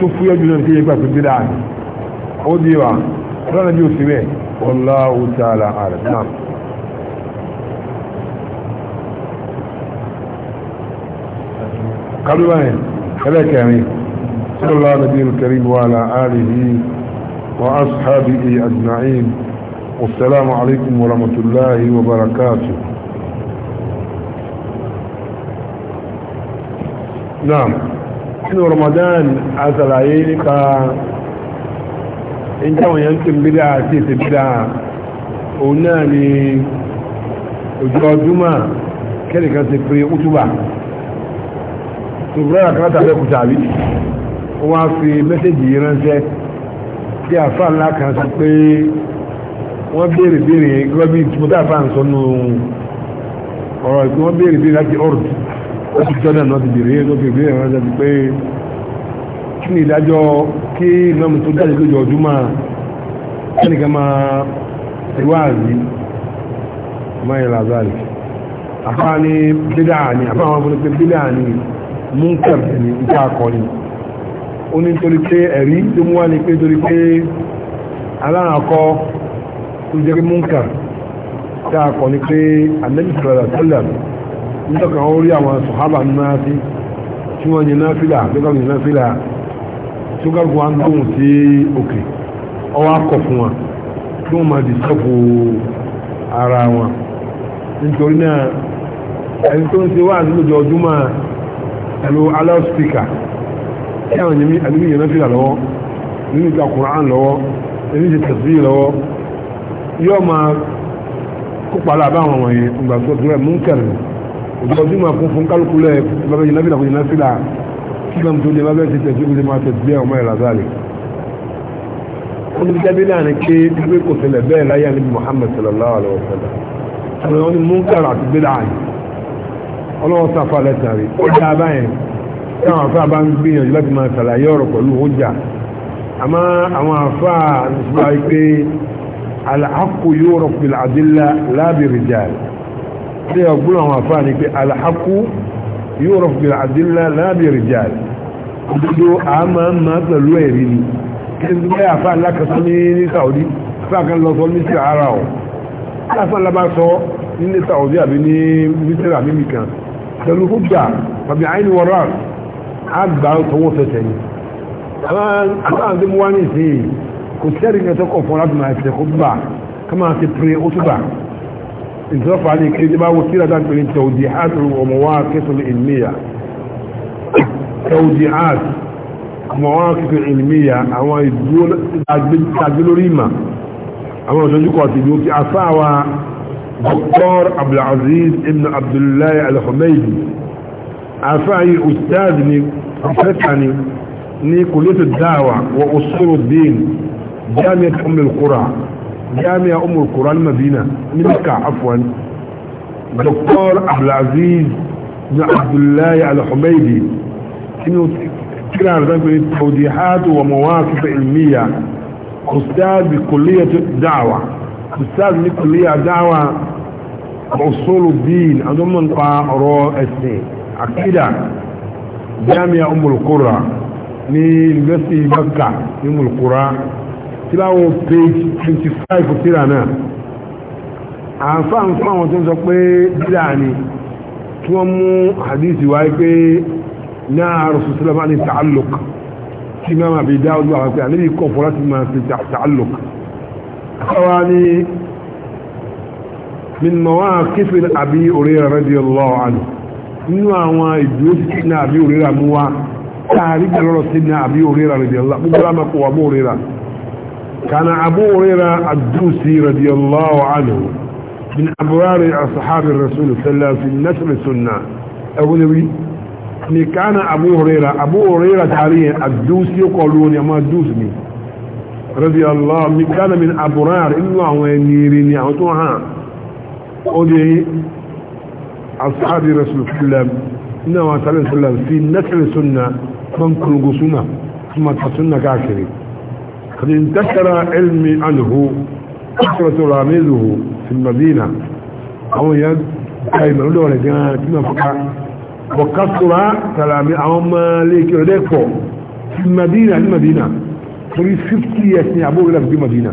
tó fúyọ́ jù náà kí yẹ gbà pé gbédà ní ó di wa rọ́nà bí ó sì mẹ́ والله تعالى عالم نعم قبل ما خليك يا امين صلى الله نبينا الكريم وعلى آله وأصحابه أجمعين والسلام عليكم ورحمة الله وبركاته نعم نحن رمضان عسل عينك ń jáwọn yẹn ń pè bídà àti ètè bídà òun náà ni òjò ọdúnmọ̀ kẹ́nìkan ti pè útúbà tòbúrọ́dà kan tàbí ẹkùtà rí wọ́n á fi mẹ́sẹ̀jì yìí ránṣẹ́ tí àfà ńlá kan sọ pé wọ́n béèrè béèrè gọ́bí tí mo dá àfà ń sọ nù ọ̀rọ̀ ìpín wọ́n béèrè béèrè láti ọ̀rùn ó ti jọ́ náà ti béèrè ránṣẹ́ pé kí ni ìdájọ́ kí ìmọ̀mù tó jáde lójú ọdún máa ẹnìkan máa ìwáàrí máa yẹn làzáàrí àfáà ní bídà ní àfáà wọn fún pé bídà ní múnkẹ̀m ní ìjà akọni ó ní torí pé ẹ̀rí tó mú wá ní pé torí pé alárakọ tó jẹ́ múnkẹ̀m tí a kọ̀ ní pé tó gágun á gbóhùn sí òkè ọwọ́ akọ̀ fún wa kí wọ́n máa dìsọ́pù ara wọn nítorí náà ẹni tó ń ṣe wà lójọ ọdúnmọ́ ẹ̀lú aláspíkà ẹ̀wọ̀n yẹmí ẹ̀lú yẹn náà fi là lọ́wọ́ nínú ìta kùrán lọ́wọ́ ẹni ti tẹ̀sí lọ́wọ́ yóò máa kópa láàbá àwọn wọ̀nyẹn ìgbà tó dúró ẹ̀ mú kẹrin ọjọ́ ọdúnmọ́ fún fún kálukú lẹ́ẹ̀ bàbá yẹn náà fi là kó yẹn náà fi là sílẹ̀ tó lè lábẹ́ ti tẹ̀sí lè máa tẹ̀sí àwọn ọmọ ẹ̀rọ azali wọ́n ti jábí láàrin pé pípé kò ṣẹlẹ̀ bẹ́ẹ̀ láyé àní Muhammad sallallahu alaihi wa sallam àwọn ọmọ munkar àti bídà àyè ọlọ́wọ́ sáfà lẹ́tàrí ó dá a báyẹn táwọn afá bá ń gbìyànjú láti máa ṣàlàyé ọ̀rọ̀ pẹ̀lú ọjà àmọ́ àwọn afá nípa pé alhaku yóò rọ̀ pẹ̀lú àdílà lábẹ́rẹ̀ لا برجال òdodo àmà mà pẹ̀lú ẹ̀rí ni kẹ́sìmọ́ àfà alákàtọ́ ní ní Saudi fáàkàn lọ sọ mísírà ara ọ̀ aláfà alábá sọ ní Saudi àbí ní mísírà mímì kan pẹ̀lú fújà tàbí àìní wọ́rọ̀ àgbà tọwọ́ fẹsẹ̀ ni àwọn àti mú wá ní ìsìn kò tẹ́rì ní ẹ̀tọ́kọ̀ fún láti máa ṣẹ̀kọ́ gbà ká máa ti pèrè ó túbà ìtọ́fà ní kéjì bá wọ́n tíra dáńpẹ̀lẹ̀ tẹ̀wọ̀dì hàtùrù ọmọ wa kẹsùn ìmìyà توجيهات مواقف علمية او يقول تاجل ريما او يجيك واتجوك اصاوى دكتور عبد العزيز ابن عبد الله الخميدي افعي استاذني فتحني ني كلية الدعوة واصول الدين جامعة ام القرى جامعة ام القرى المدينة ملكة عفوا دكتور عبد العزيز ابن عبد الله الخميدي inú tíra rẹ̀ pé tawdihatu wa mawaqif ilmiya ustaz bi kulliyat da'wa ustaz ní kulliya da'wa usulu din adọ́mọ̀ nípa ọ̀rọ̀ ẹ̀sìn àkídà jami'a umul qura ní university Makkah ní umul qura tíra wọn page 25 tíra náà àǹfààní fún àwọn tó ń sọ pé dídà ni tí wọ́n نار رسول الله عليه تعلق امام ابي داود يعني كفرات ما تعلق اخواني من مواقف ابي هريره رضي الله عنه من هو يدوس كنا ابي هريره موا تاريخ الله سيدنا ابي هريره رضي الله عنه كما هو ابو هريره كان ابو هريره الدوسي رضي الله عنه من ابرار اصحاب الرسول صلى الله عليه وسلم في النسل السنه ابو ni kana abu huraira abu huraira tarihi addusi koloni ama dusni radiyallahu min kana min abrar inú àwọn eniri ni àwọn tó ha o de ashabi rasulullah inna wa sallallahu fi nasr sunna man kulgu sunna kuma ta sunna ka kire kad intashara ilmi anhu kasratu ramizuhu fi madina àwọn ya kai maludo wala jana kima fuka ọ̀kásùrá tàlàmì àwọn ọmọ lẹ́kì ọ̀dẹ́ pọ̀ madina ní madina torí 50 years ní abúrúlẹ̀ fi madina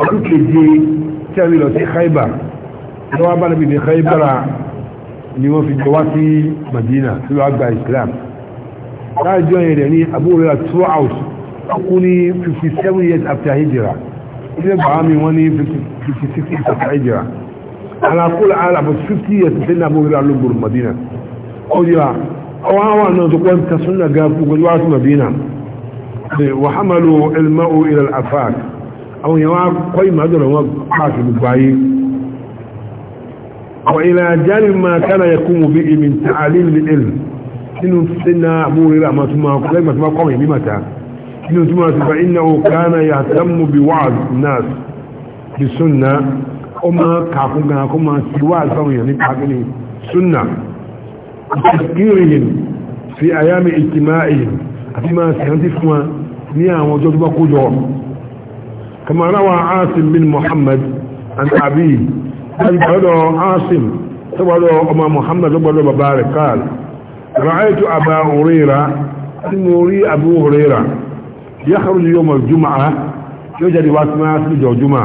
ọdún keje tẹ́rì lọ sí khaibar lọ́wọ́ bá níbi khaibara ni wọ́n fi jọwá sí madina tí wọ́n gba islam láàjọ yẹn rẹ̀ ní abúrúlẹ̀ throughout kú ní 57 years after hijira ilé bàámi wọ́n ní 56 years after hijira على كل عالم بس 50 years سيدنا ابو هريره لو بر مدينه او يا او هو انه تكون تسنى قاف وجوات مدينه وحملوا الماء الى الافاق او يا قوي ما دول ما قاش او الى جانب ما كان يقوم به من تعاليم العلم انه سيدنا ابو هريره ما تما ما تما قوي بمتى انه تما فانه كان يهتم بوعظ الناس بالسنه ó máa kàfún gan kó máa ti wá àtàwọn èèyàn nípa gíní súnà ìkírìyìn fi àyàmì ìtìmá èèyàn àti máa sẹ̀rántí fún wa ní àwọn ọjọ́ tó bá kó jọ kama rawa asim bin muhammad an abi láti gbọ́dọ̀ asim tó gbọ́dọ̀ ọmọ muhammad tó gbọ́dọ̀ bàbá rẹ̀ káàl ra'aytu aba huraira tí mo rí abu huraira yakhruju yawm al-jum'ah yóò jáde wá sí máa sí jọ jùmọ̀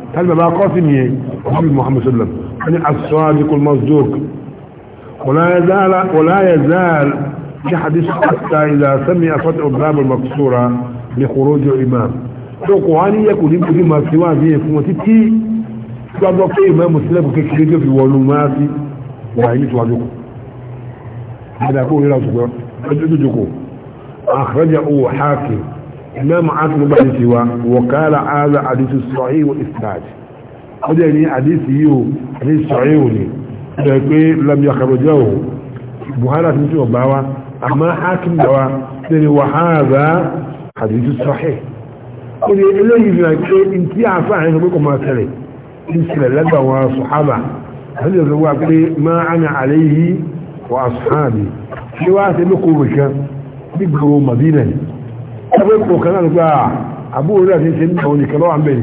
هل بابا قاسم إيه؟ محمد صلى الله عليه وسلم يعني الصادق المصدوق ولا يزال ولا يزال في حديث حتى إذا سمع فتح الباب المكسورة لخروج الإمام القرآن يقول يمكن فيما سوى به فما تتي تبقى إمام مسلم كيكريك في ولومات وعيني توعدكم هذا هو إلى سبحانه أخرجه حاكم إمام عاصم بن سوى وقال هذا حديث صحيح والإسناد وجاني حديث يو حديث صحيح لم يخرجه بهارة مثل باوا أما حاكم دوا وهذا حديث صحيح قولي إليه فيك انت عفاهم بكم ما تلي انسل لك وصحابة هل يزوى ما أنا عليه وأصحابي شواتي بكم بك بكم مدينة ẹgbẹ́ ìpò kan náà nípa àbúrò rẹ̀ ṣe ń tàwọn nìkan lọ́wọ́ àmbẹ̀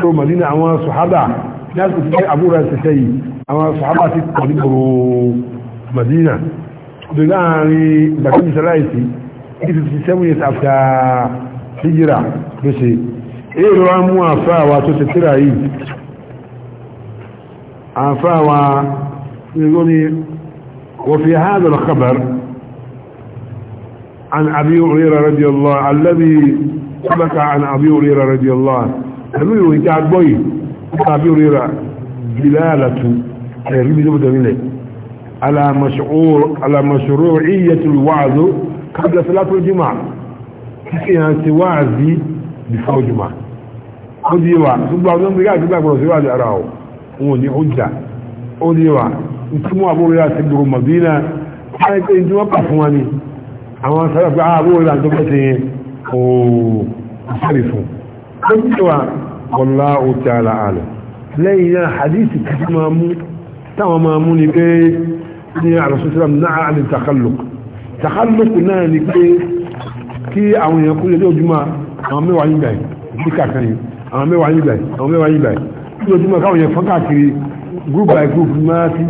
tó Madina àwọn sọ̀hábà ní àsìkò tí àbúrò rẹ̀ ṣe yìí àwọn sọ̀hábà ti pọ̀ ní gbòòrò Madina tó láàrin ìgbàkúndì sẹ́láìsì títí ti seven years after hijira ló ṣe wọ́n fi hádọ̀ lọ́kàbàrù عن أبي هريرة رضي الله الذي ثبت عن أبي هريرة رضي الله قالوا انت عبوي أبي هريرة دلالة على مشعور على مشروعية الوعظ قبل صلاة الجمعة كيف سواعزي بفور الجمعة وا سبع بعضهم بقى كده بقى سواعزي أراه ودي حجة وا انتموا أبو هريرة سيدروا مدينة حيث انتموا بقى àwọn sábà pé ààbò ìlà tó bẹ́ ti ooo sẹ́rì fún ó ti wà wọlá òtí ara àlẹ̀ lẹ́yìn náà hadithi kí máa mú táwọn máa mú ni pé ní àrùsùsùlám náà àmì takalluk takalluk náà ni pé kí àwọn èèyàn kúrò lójúmọ́ àwọn mẹ́wàá yìí báyìí bí group by group máa sí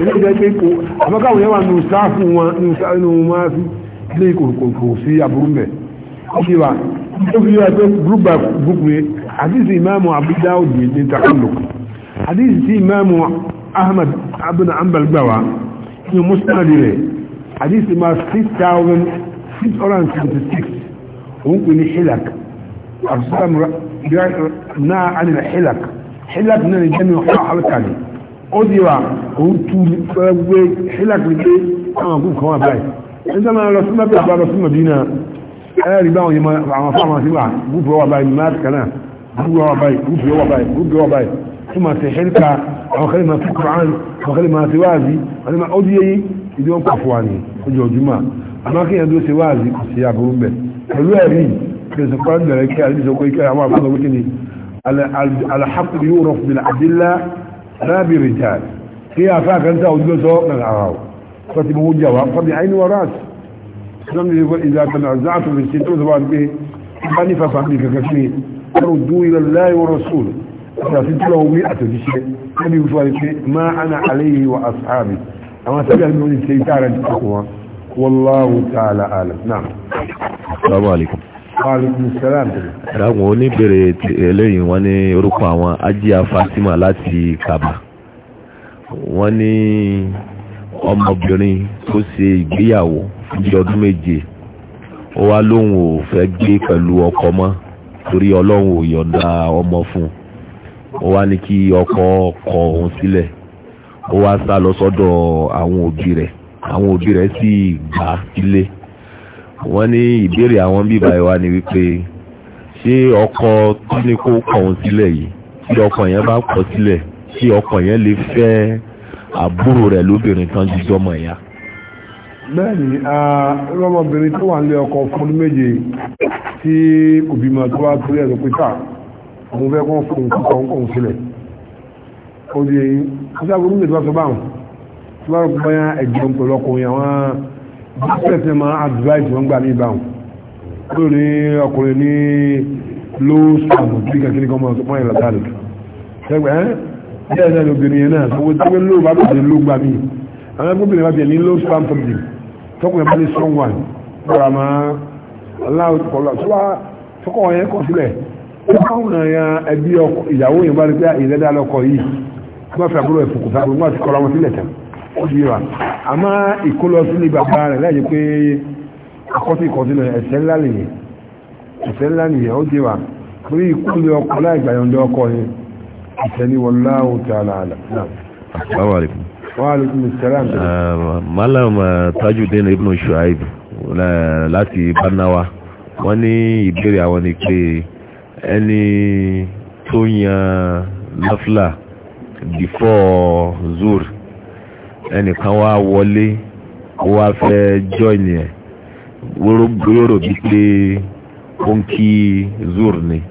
ilé ìgbẹ́ pé àmọ́ wà nù sáfù wọn nù sáfù wọn máa sí ilé kòkòrò sí aburú mẹ́ ọdí wa tó fi yíra pé group by group ni àdísì ìmáàmù abúdá òdì ní takalù àdísì tí ìmáàmù ahmad abdul ambal gbà wá ní mùsùlùmí rẹ̀ àdísì máa 6676 òun pè ní hilak àbúsùlùm náà á nílẹ̀ hilak hilak náà ní jẹ́mi ọ̀hálkà ni ó di wa òun tú pẹ́ hilak ní pé àwọn àgùn wà báyìí ẹjọ́ máa lọ sí mẹ́ta bá lọ sí mọ̀dínà ẹ̀rì báwọn yẹmọ àwọn fáwọn síwà gúúpù ọwà báyìí máàkì kanáà gúúpù ọwà báyìí gúúpù ọwà báyìí gúúpù ọwà báyìí tó máa tẹ̀ ṣẹ́ríkà àwọn kẹlẹ̀ máa fi kùrán àwọn kẹlẹ̀ máa ti wáàzí àwọn máa ọdún yẹyí ìdí wọn pàfọ́ wa ní ọjọ́ ọdúnmà àmọ́ kí ẹ̀dọ́ ṣe wáàzí kò sí àbúrú bẹ̀ pẹ̀lú ẹ̀rí kẹsàn-án bẹ̀rẹ̀ kí àdìsọ pé kí àwọn àbúrò wíkẹ́ ni alhaqqu yóò rọ̀ fún mi àdìlá rábì rìjà kí àfáà kan tá ojú sọ pẹ̀lú àwọn تتم وجهها فبعين وراس إذا تنازعتم في الشيطان طبعا به فاني ففهمك كثير ردوا إلى الله ورسوله فأسلت له مئة شيء نبي فارك ما أنا عليه وأصحابي أما سبيع من السيطارة الأقوى والله تعالى أعلم نعم السلام عليكم Àwọn oníbèrè eléyìí wọ́n ní orúkọ àwọn Ajíya Fátímà láti Kàbà. Wọ́n ní ọmọbìnrin tó ṣe ìgbéyàwó bí ọdún méje ó wá lóun ò fẹ́ gbé pẹ̀lú ọkọ mọ́ torí ọlọ́run ò yọ̀ǹda ọmọ fún un ó wá ní kí ọkọ kọ òun sílẹ̀ ó wá sá lọ sọ́dọ̀ àwọn òbí rẹ̀ àwọn òbí rẹ̀ sì gbà sílé wọ́n ní ìbéèrè àwọn bíbá ẹ̀ wá ni wípé ṣé ọkọ tó ní kó kọ̀ òun sílẹ̀ yìí tí ọkọ yẹn bá kọ̀ sílẹ̀ tí ọkọ yẹn lè fẹ́ àbúrò rẹ̀ lóbìnrin kan jíjọ ọmọ ìyá. bẹ́ẹ̀ni ọmọbìnrin tó wà nílé ọkọ fún méje tí kò bímọ tó bá torí ẹ̀sùn pé tà òun fẹ́ kàn fún nǹkan kan kàn sílẹ̀ ó di eyín nígbà tó bá sọ báwọn tó bá rọ pé bóyá ẹ̀jẹ̀ ń pẹ̀lú ọkùnrin àwọn bíṣẹ̀tì máa advice wọn gbà ní ìbáwọn ó ní ọkùnrin ní low spam bí kankan kan mọ́ ọ̀sán pọ́n ìlàdálẹ̀ bí ẹ̀rọ obìnrin yẹn náà owó tí wọ́n lò bá bẹ̀rẹ̀ ló gbà mí àwọn agbóbìnrin bá bẹ̀rẹ̀ ní low spam problem tọkùnrin bá ní strong one bọ̀rọ̀ àmọ́ aláwọ̀ kọlọ̀ tó wá tọkọ̀ yẹn kọ̀ sílẹ̀ káwọn ya ẹbí ìyàwó yẹn bá rí pé ìrẹ́dá lọkọ̀ yìí tí wọ́n fi àbúrò ẹ̀ fòkùtà gbogbo àti kọ́ra wọn sílẹ̀ tán ó di wa àmọ́ ìkólọ sílé bàbá rẹ̀ láyé pé akọ́sí ìtẹ́ni wallahu ta'ala alam náà. assalamu alaikum. wa alaikum assalam. Uh, malam uh, tajudeen ibn shuaib uh, láti banawa wọ́n ní ìbéèrè àwọn ni pé ẹni tó yan lafla before zur ẹnìkan wá wọlé ó wá fẹ́ join ẹ̀ wóró bí pé ó ń kí zur ni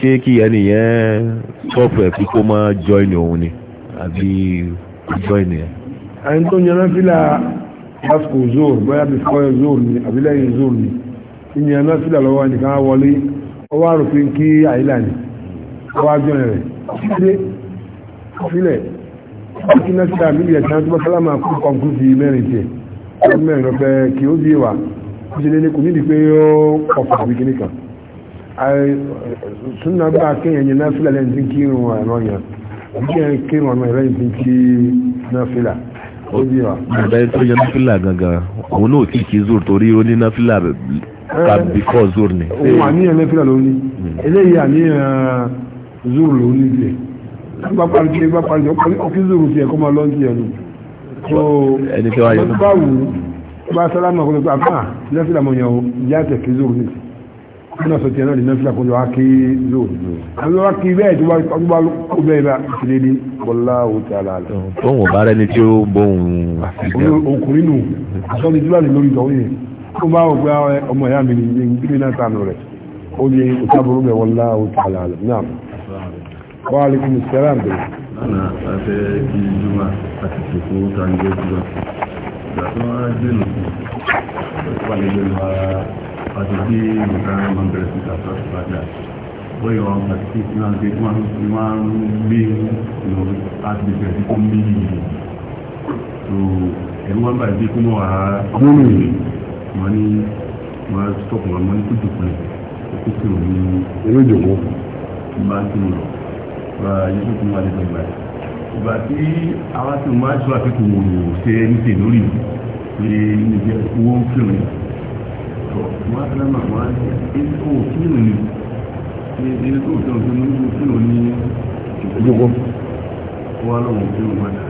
ṣé kí ẹnìyẹn sọ́fẹ̀ kí kó máa join òun ni àbí join ẹ̀. ẹni tó yan náfìlà lásìkò zoro bóyá before zoro ni àbí lẹ́yìn zoro ni ìyẹn náfìlà lọ́wọ́ nìkan wọlé ó wá rò pé kí àyílà ni ó wá join rẹ̀ ṣíṣe sílẹ̀ kí náfìlà mi yẹ kí wọ́n tó bá sálámà kú kọ̀ǹkú sí mẹ́rin tiẹ̀ ọdún mẹ́rin lọ́pẹ́ kí ó di wà kó ṣe lé ní kò nídìí pé ó kọ̀ọ̀fà súnà bá kéèyàn yẹn náfìlà lẹ́yìn tí ń kírun wọn ẹ̀rọ yẹn kéèyàn kírun wọn ẹ̀rọ yẹn tí ń kí náfìlà ó bí wa. àbẹ̀yẹ tó yẹ náfìlà gangan òun náà kì í kí zoro torí ó ní náfìlà eh. ká bíkọ́ zoro ni. òun àníyàn náfìlà ló ní hmm. eléyìí àníyàn zoro ló ní eh, tiẹ̀ bá parí tiẹ̀ bá parí zoro tiẹ̀ kó máa lọ́ tiẹ̀ nù. ẹni tí wàá yẹ kó bá wù ana sọ tiẹ̀ náà ní nọ́fìlà kọjú akí zó àwọn wá kí bẹ́ẹ̀ tó bá kó bẹ́ẹ̀ bá ìṣẹ̀lẹ̀ ní bọ́lá òtí aláàlá. tóun ò bá rẹni tí ó bóun. ọkùnrin nù àtọ́ni tí wàá lórí ìtọ́wé yẹn tó bá wọ pé ah, ọmọ ìyá mi ní gbígbé náà sànù rẹ̀ ó ní òtí aburú bẹ̀ bọ́lá òtí aláàlá náà. wà á lékún sẹ́rà ń bẹ̀rẹ̀. lánàá afẹ́ kí juma àti ṣèkó tàǹgẹ́ juma ìgbà tó wá àti ni wọn gbé lọ láti bẹ̀rẹ̀ sí kó mí yìí tó ẹ̀rú wọn bá ìdí kúmọ̀ wá kúmọ̀ yìí wọn ni wọn sọ̀kùn wọn wọn ni kó dùkú yìí kó sì rò ní eré ìjòkó bá ń tún lọ wá yíṣu kún wá nípa ìgbà ìgbà tí àwọn tí wọn bá ṣọ àfikún wò ó ṣe é tè lórí pé níbi owó ń wọ́n á lọ́mọ wọ́n á ní òfin òní ní ilé tó tọ́ tó ní òfin òní gbogbo wọ́n á lọ́mọ òfin òní wọ́n á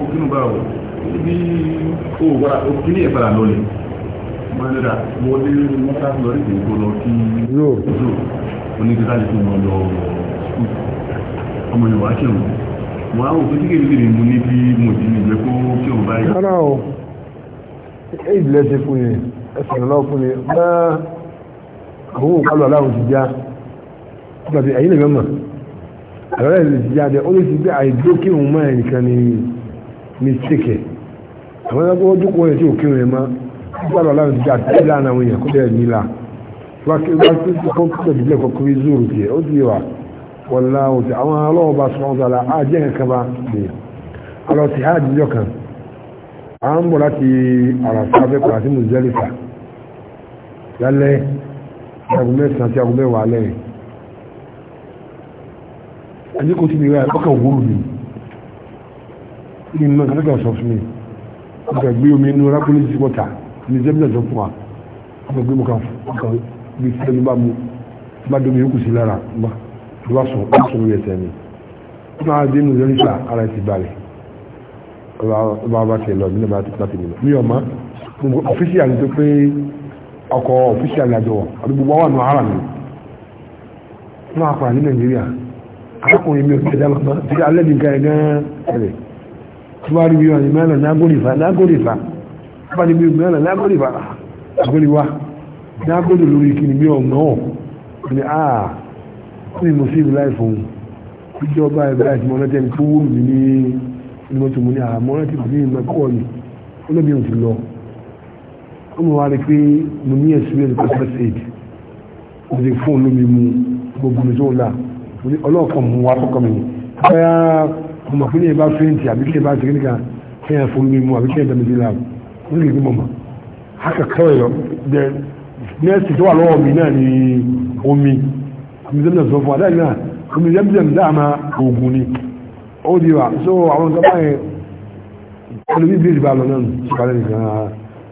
òfin òní báwọ̀ ibi òfin ìbára lọ́lẹ̀ wọ́n á lọ́dà wọ́n lé wọ́n ká lọ́rí ìgbò lọ sí yóò onígbèsà lè fún wọn lọ ọmọ ìwà kẹwọn wọ́n á òfin tí kèmí lè mú níbi mòdì nígbẹ́ kó kẹwọn báyìí. rárá o èyí lẹ́sẹ̀ fún yẹn ẹsẹ̀ lọ́wọ́ fún mi máa àwọn òkàlù aláwọ̀ ti já gbàtí ẹ̀yìn lè mẹ́mà àlọ́lẹ̀ lè ti jáde ó lè ti gbé àìdó kí òun máa nìkan ni mistake àwọn ẹgbẹ́ ojú kò yẹn tí òkè rẹ̀ má òkàlù aláwọ̀ ti já àti lánàá àwọn èèyàn kó dẹ̀ nílà wá kí wọ́n tó dìbílẹ̀ kọ́ kiri zoro tiẹ̀ ó ti wà wọ́lá òtí àwọn ọlọ́wọ́ bá sọ̀rọ̀ ọ̀dàlà á jẹ́ kankan ń bọ̀ láti àràfà fẹ́ pàtí mùsùlùmí lálẹ́ aago mẹ́sàn-án sí aago mẹ́wàá alẹ́ àdínkù tí mi rà ọkà òwúrò mi ní nǹkan tó sọ fún mi ọkà gbé omi inú rákúlé sí wọ́tà ní zẹ́bílẹ̀ sọ fún wa ọkà gbé mọ́kà ọkà bí sẹ́ni bá mu bá domi yókù sí lára gbà ló bá sọ bá sọ lórí ẹsẹ̀ mi máa dé nù lórí sà ara ti balẹ̀ ọba bá ti lọ mí náà bá ti lọ mi ọ̀ma ọ̀fíìsì àti tó pé ọkọ̀ official àjọ àdúgbò wà nù ara mi náà pa ní nàìjíríà arákùnrin mi ò tẹ̀lé màmá tí alẹ́ ní nǹkan ẹ̀gán ẹ̀rẹ̀ tí wàá rí bí wọn mẹ́rin nágòrìfà nágòrìfà bá ní bí mẹ́rin nágòrìfà àgòrìwà nágòrì lórí kí ni bí ọ̀nà ọ̀ ni a ah, kí ni mo sí ìlú láì fún un ìjọba ẹ̀bẹ̀ àti mọ̀lẹ́tẹ̀ ní tó wúlù mí lọ wọ́n wá rí pé mo ní ẹ̀sùn ẹ̀rọ pẹ̀lú first aid mo ti fún olómi mu gbogbo mi tó là mo ní ọlọ́ọ̀kan mu wá fọ́kàn mi báyà mo mọ̀ pé ní ẹ̀bá fẹ́ǹtì àbí kí ẹ̀bá ṣe kíníkà kí ẹ̀ fún olómi mu àbí kí ẹ̀bá mi mo ní kìkì mọ̀mọ́ akẹ́kọ̀ọ́ ẹ̀yọ́ dẹ nẹ́ẹ̀sì tó wà lọ́wọ́ mi náà ni omi omi zẹ́mi náà sọ fún adáyé náà omi zẹ́mi zẹ́mi dáàmà oògùn ni ó di wa so àwọn sọ báyẹn olómi bí ìdìbò àlọ́ náà sọ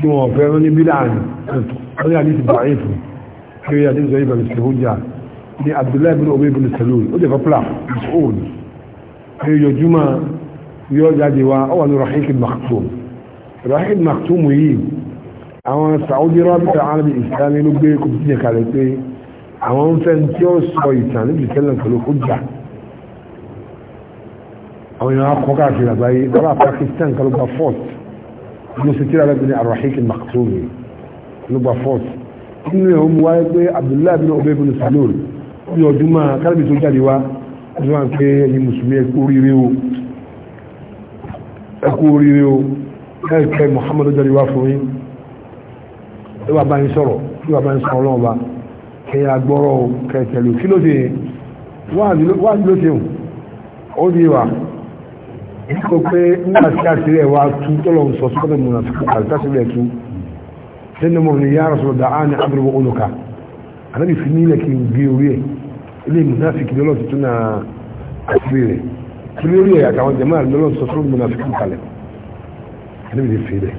kí wọ́n fẹ́ ní bídá àrùn ọdún àdísì bàáyé fún kí wọ́n àdísì sọ́yìn bàbí sí hujja ní abdullahi bin obi bin salul ó jẹ́ fọ́pùlà ìṣòhùn ní yọjúmọ́ yóò jáde wa ó wà ní rahim maktum rahim maktum yìí àwọn saudi rabita arabi islami ló gbé kò tíye kalẹ̀ pé àwọn ń fẹ́ tí ó sọ ìtàn níbi tẹ́lẹ̀ pẹ̀lú hujja àwọn èèyàn káàkiri àgbáyé bọ́lá pakistan kalu gba mo sì tíra lẹ́gbẹ̀ẹ́ arahik maktoumi lọ́gbà fọ́t nínú ẹ̀ ọmọ wáyé pé abdullahi bin obey bin salul ní ọdún máa kálíbi tó jáde wá ọdún máa pé ẹ̀yin mùsùlùmí ẹkú oríire o ẹkú oríire o ẹ̀kẹ́ muhammad tó jáde wá fún yín ẹ wà bá yín sọ̀rọ̀ ẹ wà bá yín sọ̀rọ̀ náà wá kẹ́ ẹ agbọ́rọ̀ kẹ́ ẹ tẹ̀lé kí ló dé wá ló dé o ó dé wa kó pé nígbà tí a ti rẹ̀ wá tú tọ́lọ̀ sọ sọ́dọ̀ múnà tó kà tá sí rẹ̀ tú sẹ́ni mọ̀ ní yá rọ̀sọ̀rọ̀ dà á ní abúrúwọ̀ olùkà ànábì fi nílẹ̀ kí n gbé orí ẹ̀ ilé ìmúná fi kí lọ́lọ́ ti tún náà àti rẹ̀ tí lórí ẹ̀ àtàwọn jẹ̀mọ́ àlọ́lọ́ sọ sọ́dọ̀ múnà fi kú kalẹ̀ ànábì lè fi rẹ̀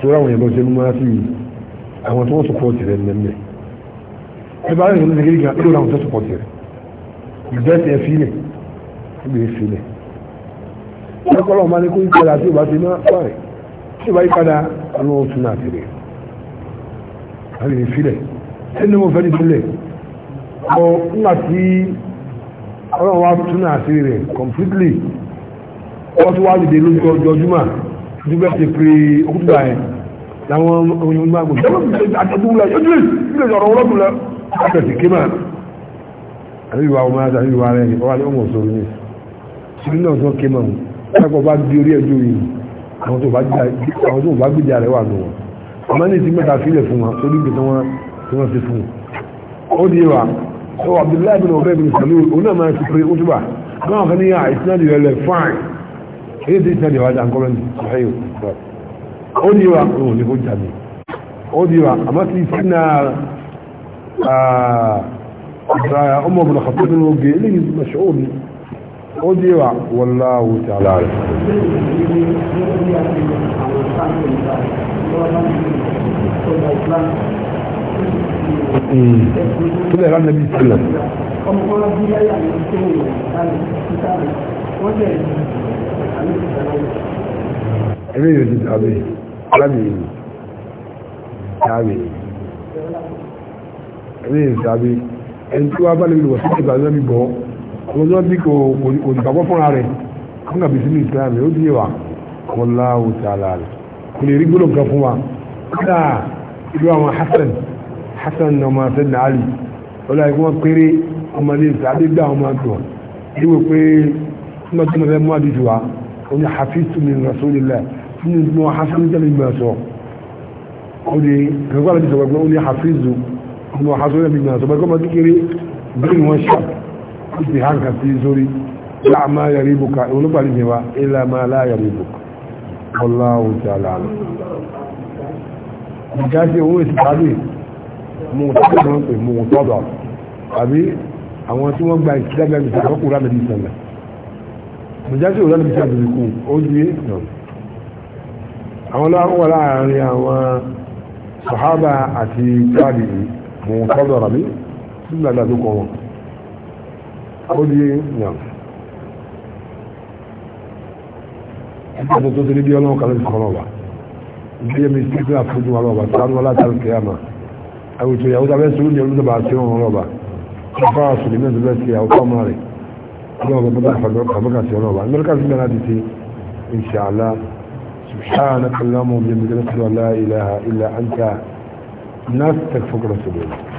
sọ́rọ̀ àwọn ìyàbọ̀ sẹ́nu máa fi àwọn tó wọ́n sọpọ̀ tẹ̀rẹ̀ nẹ́mẹ́ ẹ bá rẹ̀ àwọn tó sọpọ̀ tẹ̀rẹ̀ ìgbẹ́sẹ̀ fílẹ̀ ẹgbẹ́ fílẹ̀ lọ́kọ́lọ́ máa ní kó ìpadà tí ò bá ti ná pààrẹ̀ tí ò bá ìpadà àwọn oṣù náà ti rẹ̀ àrí ní sílẹ̀ ẹni mo fẹ́ ní sílẹ̀ ọ nígbà tí ọlọ́run wá tún náà sí rẹ̀ completely wọ́n tún wá dìde lójú ọjọ́ júmọ̀ tó bẹ́ẹ̀ ti pè ókúta ẹ̀ làwọn ohun máa gbọ́ àtẹ̀dúgbò yóò dìde sílẹ̀ ọ̀rọ̀ ọlọ́dún lọ sápọ̀ bá di orí ẹjọ́ yìí àwọn tó bá gbìjà rẹ̀ wà nù wọn àmọ́ ní ìsìn mẹ́ta sílẹ̀ fún wọn tó dìgbò tí wọ́n tí wọ́n ti fún wọn ó di wa ó Abdullahi bin ọbẹ̀ bin Salul oní àmà ti pé ó túbà àwọn kan ní yà ìsinadi rẹ̀ lẹ̀ fáìn èyí ti ìsinadi wa jà ń kọ́rẹ́ ní ó di wa ó ní kó jà mí ó di wa àmọ́ ah, ti ìsìn ó dé wà wallahu ta'ala rẹ̀ tó lè rán nàbí sílẹ̀ ẹ̀rẹ́ yóò ti tàbí alábìyìn tàbí ẹ̀rẹ́ yóò tàbí ẹni tí wọ́n bá lè lò wọ́n sí ìgbà lọ́bí bọ́ ọjọ́ bí kò òdìgbàgbọ́ fúnra rẹ̀ fún gàbí sínú ìsìlámù ó díye wa wallahu ta'ala kò lè rí gbólóǹkà fún wa kódà ìlú àwọn Hasan Hasan ọmọ sẹ́dínà Ali ọlọ́yà kí wọ́n péré ọmọ ilé ìsìn adégbà ọmọ àti wọn ìwé pé nígbà tí wọ́n fẹ́ mú àdìjú wa ó ní hafizu min rasulillah nínú tí wọ́n hasan jẹ́lẹ̀ ìgbà sọ ó ní kẹ́kọ́ àti sọ̀rọ̀ pé ó ní hafizu ọmọ hasan jẹ́lẹ̀ ìgbà sọ pé kọ́mọ ti hànkà sí sórí láàmà yàrí ibùkà olúgbàlì jẹwa ilẹ̀ máa láyàrí ibùkà ọláwù tí a láàrín ìjáde owó ìsìkádì mú tọ́dọ̀ wọn pè mú tọ́dọ̀ àbí àwọn tí wọ́n gba ìsìdágbà ìsìkà àkọ́kù rà mẹ́rin ìsìnlẹ̀ ìjáde owó láti fi àbẹ̀rẹ̀ kù ó ju é nà àwọn láwọ́ láàrín àwọn sàhábà àti jáde mú tọ́dọ̀ rà mí sílẹ̀ àdàdúkọ wọn ó di yàn ẹgbẹ́ tó ti ní bí ọlọ́run kan lóṣù kan náà wà bí ẹmi tí kí àfojú wọn lọ́wọ́ tí wọn láti àrùn kìíyàmà àwùjọ ìyàwó tàbí ẹsùn ní ọdún tàbí àti wọn lọ́wọ́ ọba àṣùlẹ̀ náà ti bẹ́ẹ̀ sí àwọn ọmọ rẹ̀ ọlọ́wọ́ bọ́dá àfàgbọ́kà sí ọlọ́wọ́ amẹ́ríkà sí mẹ́ra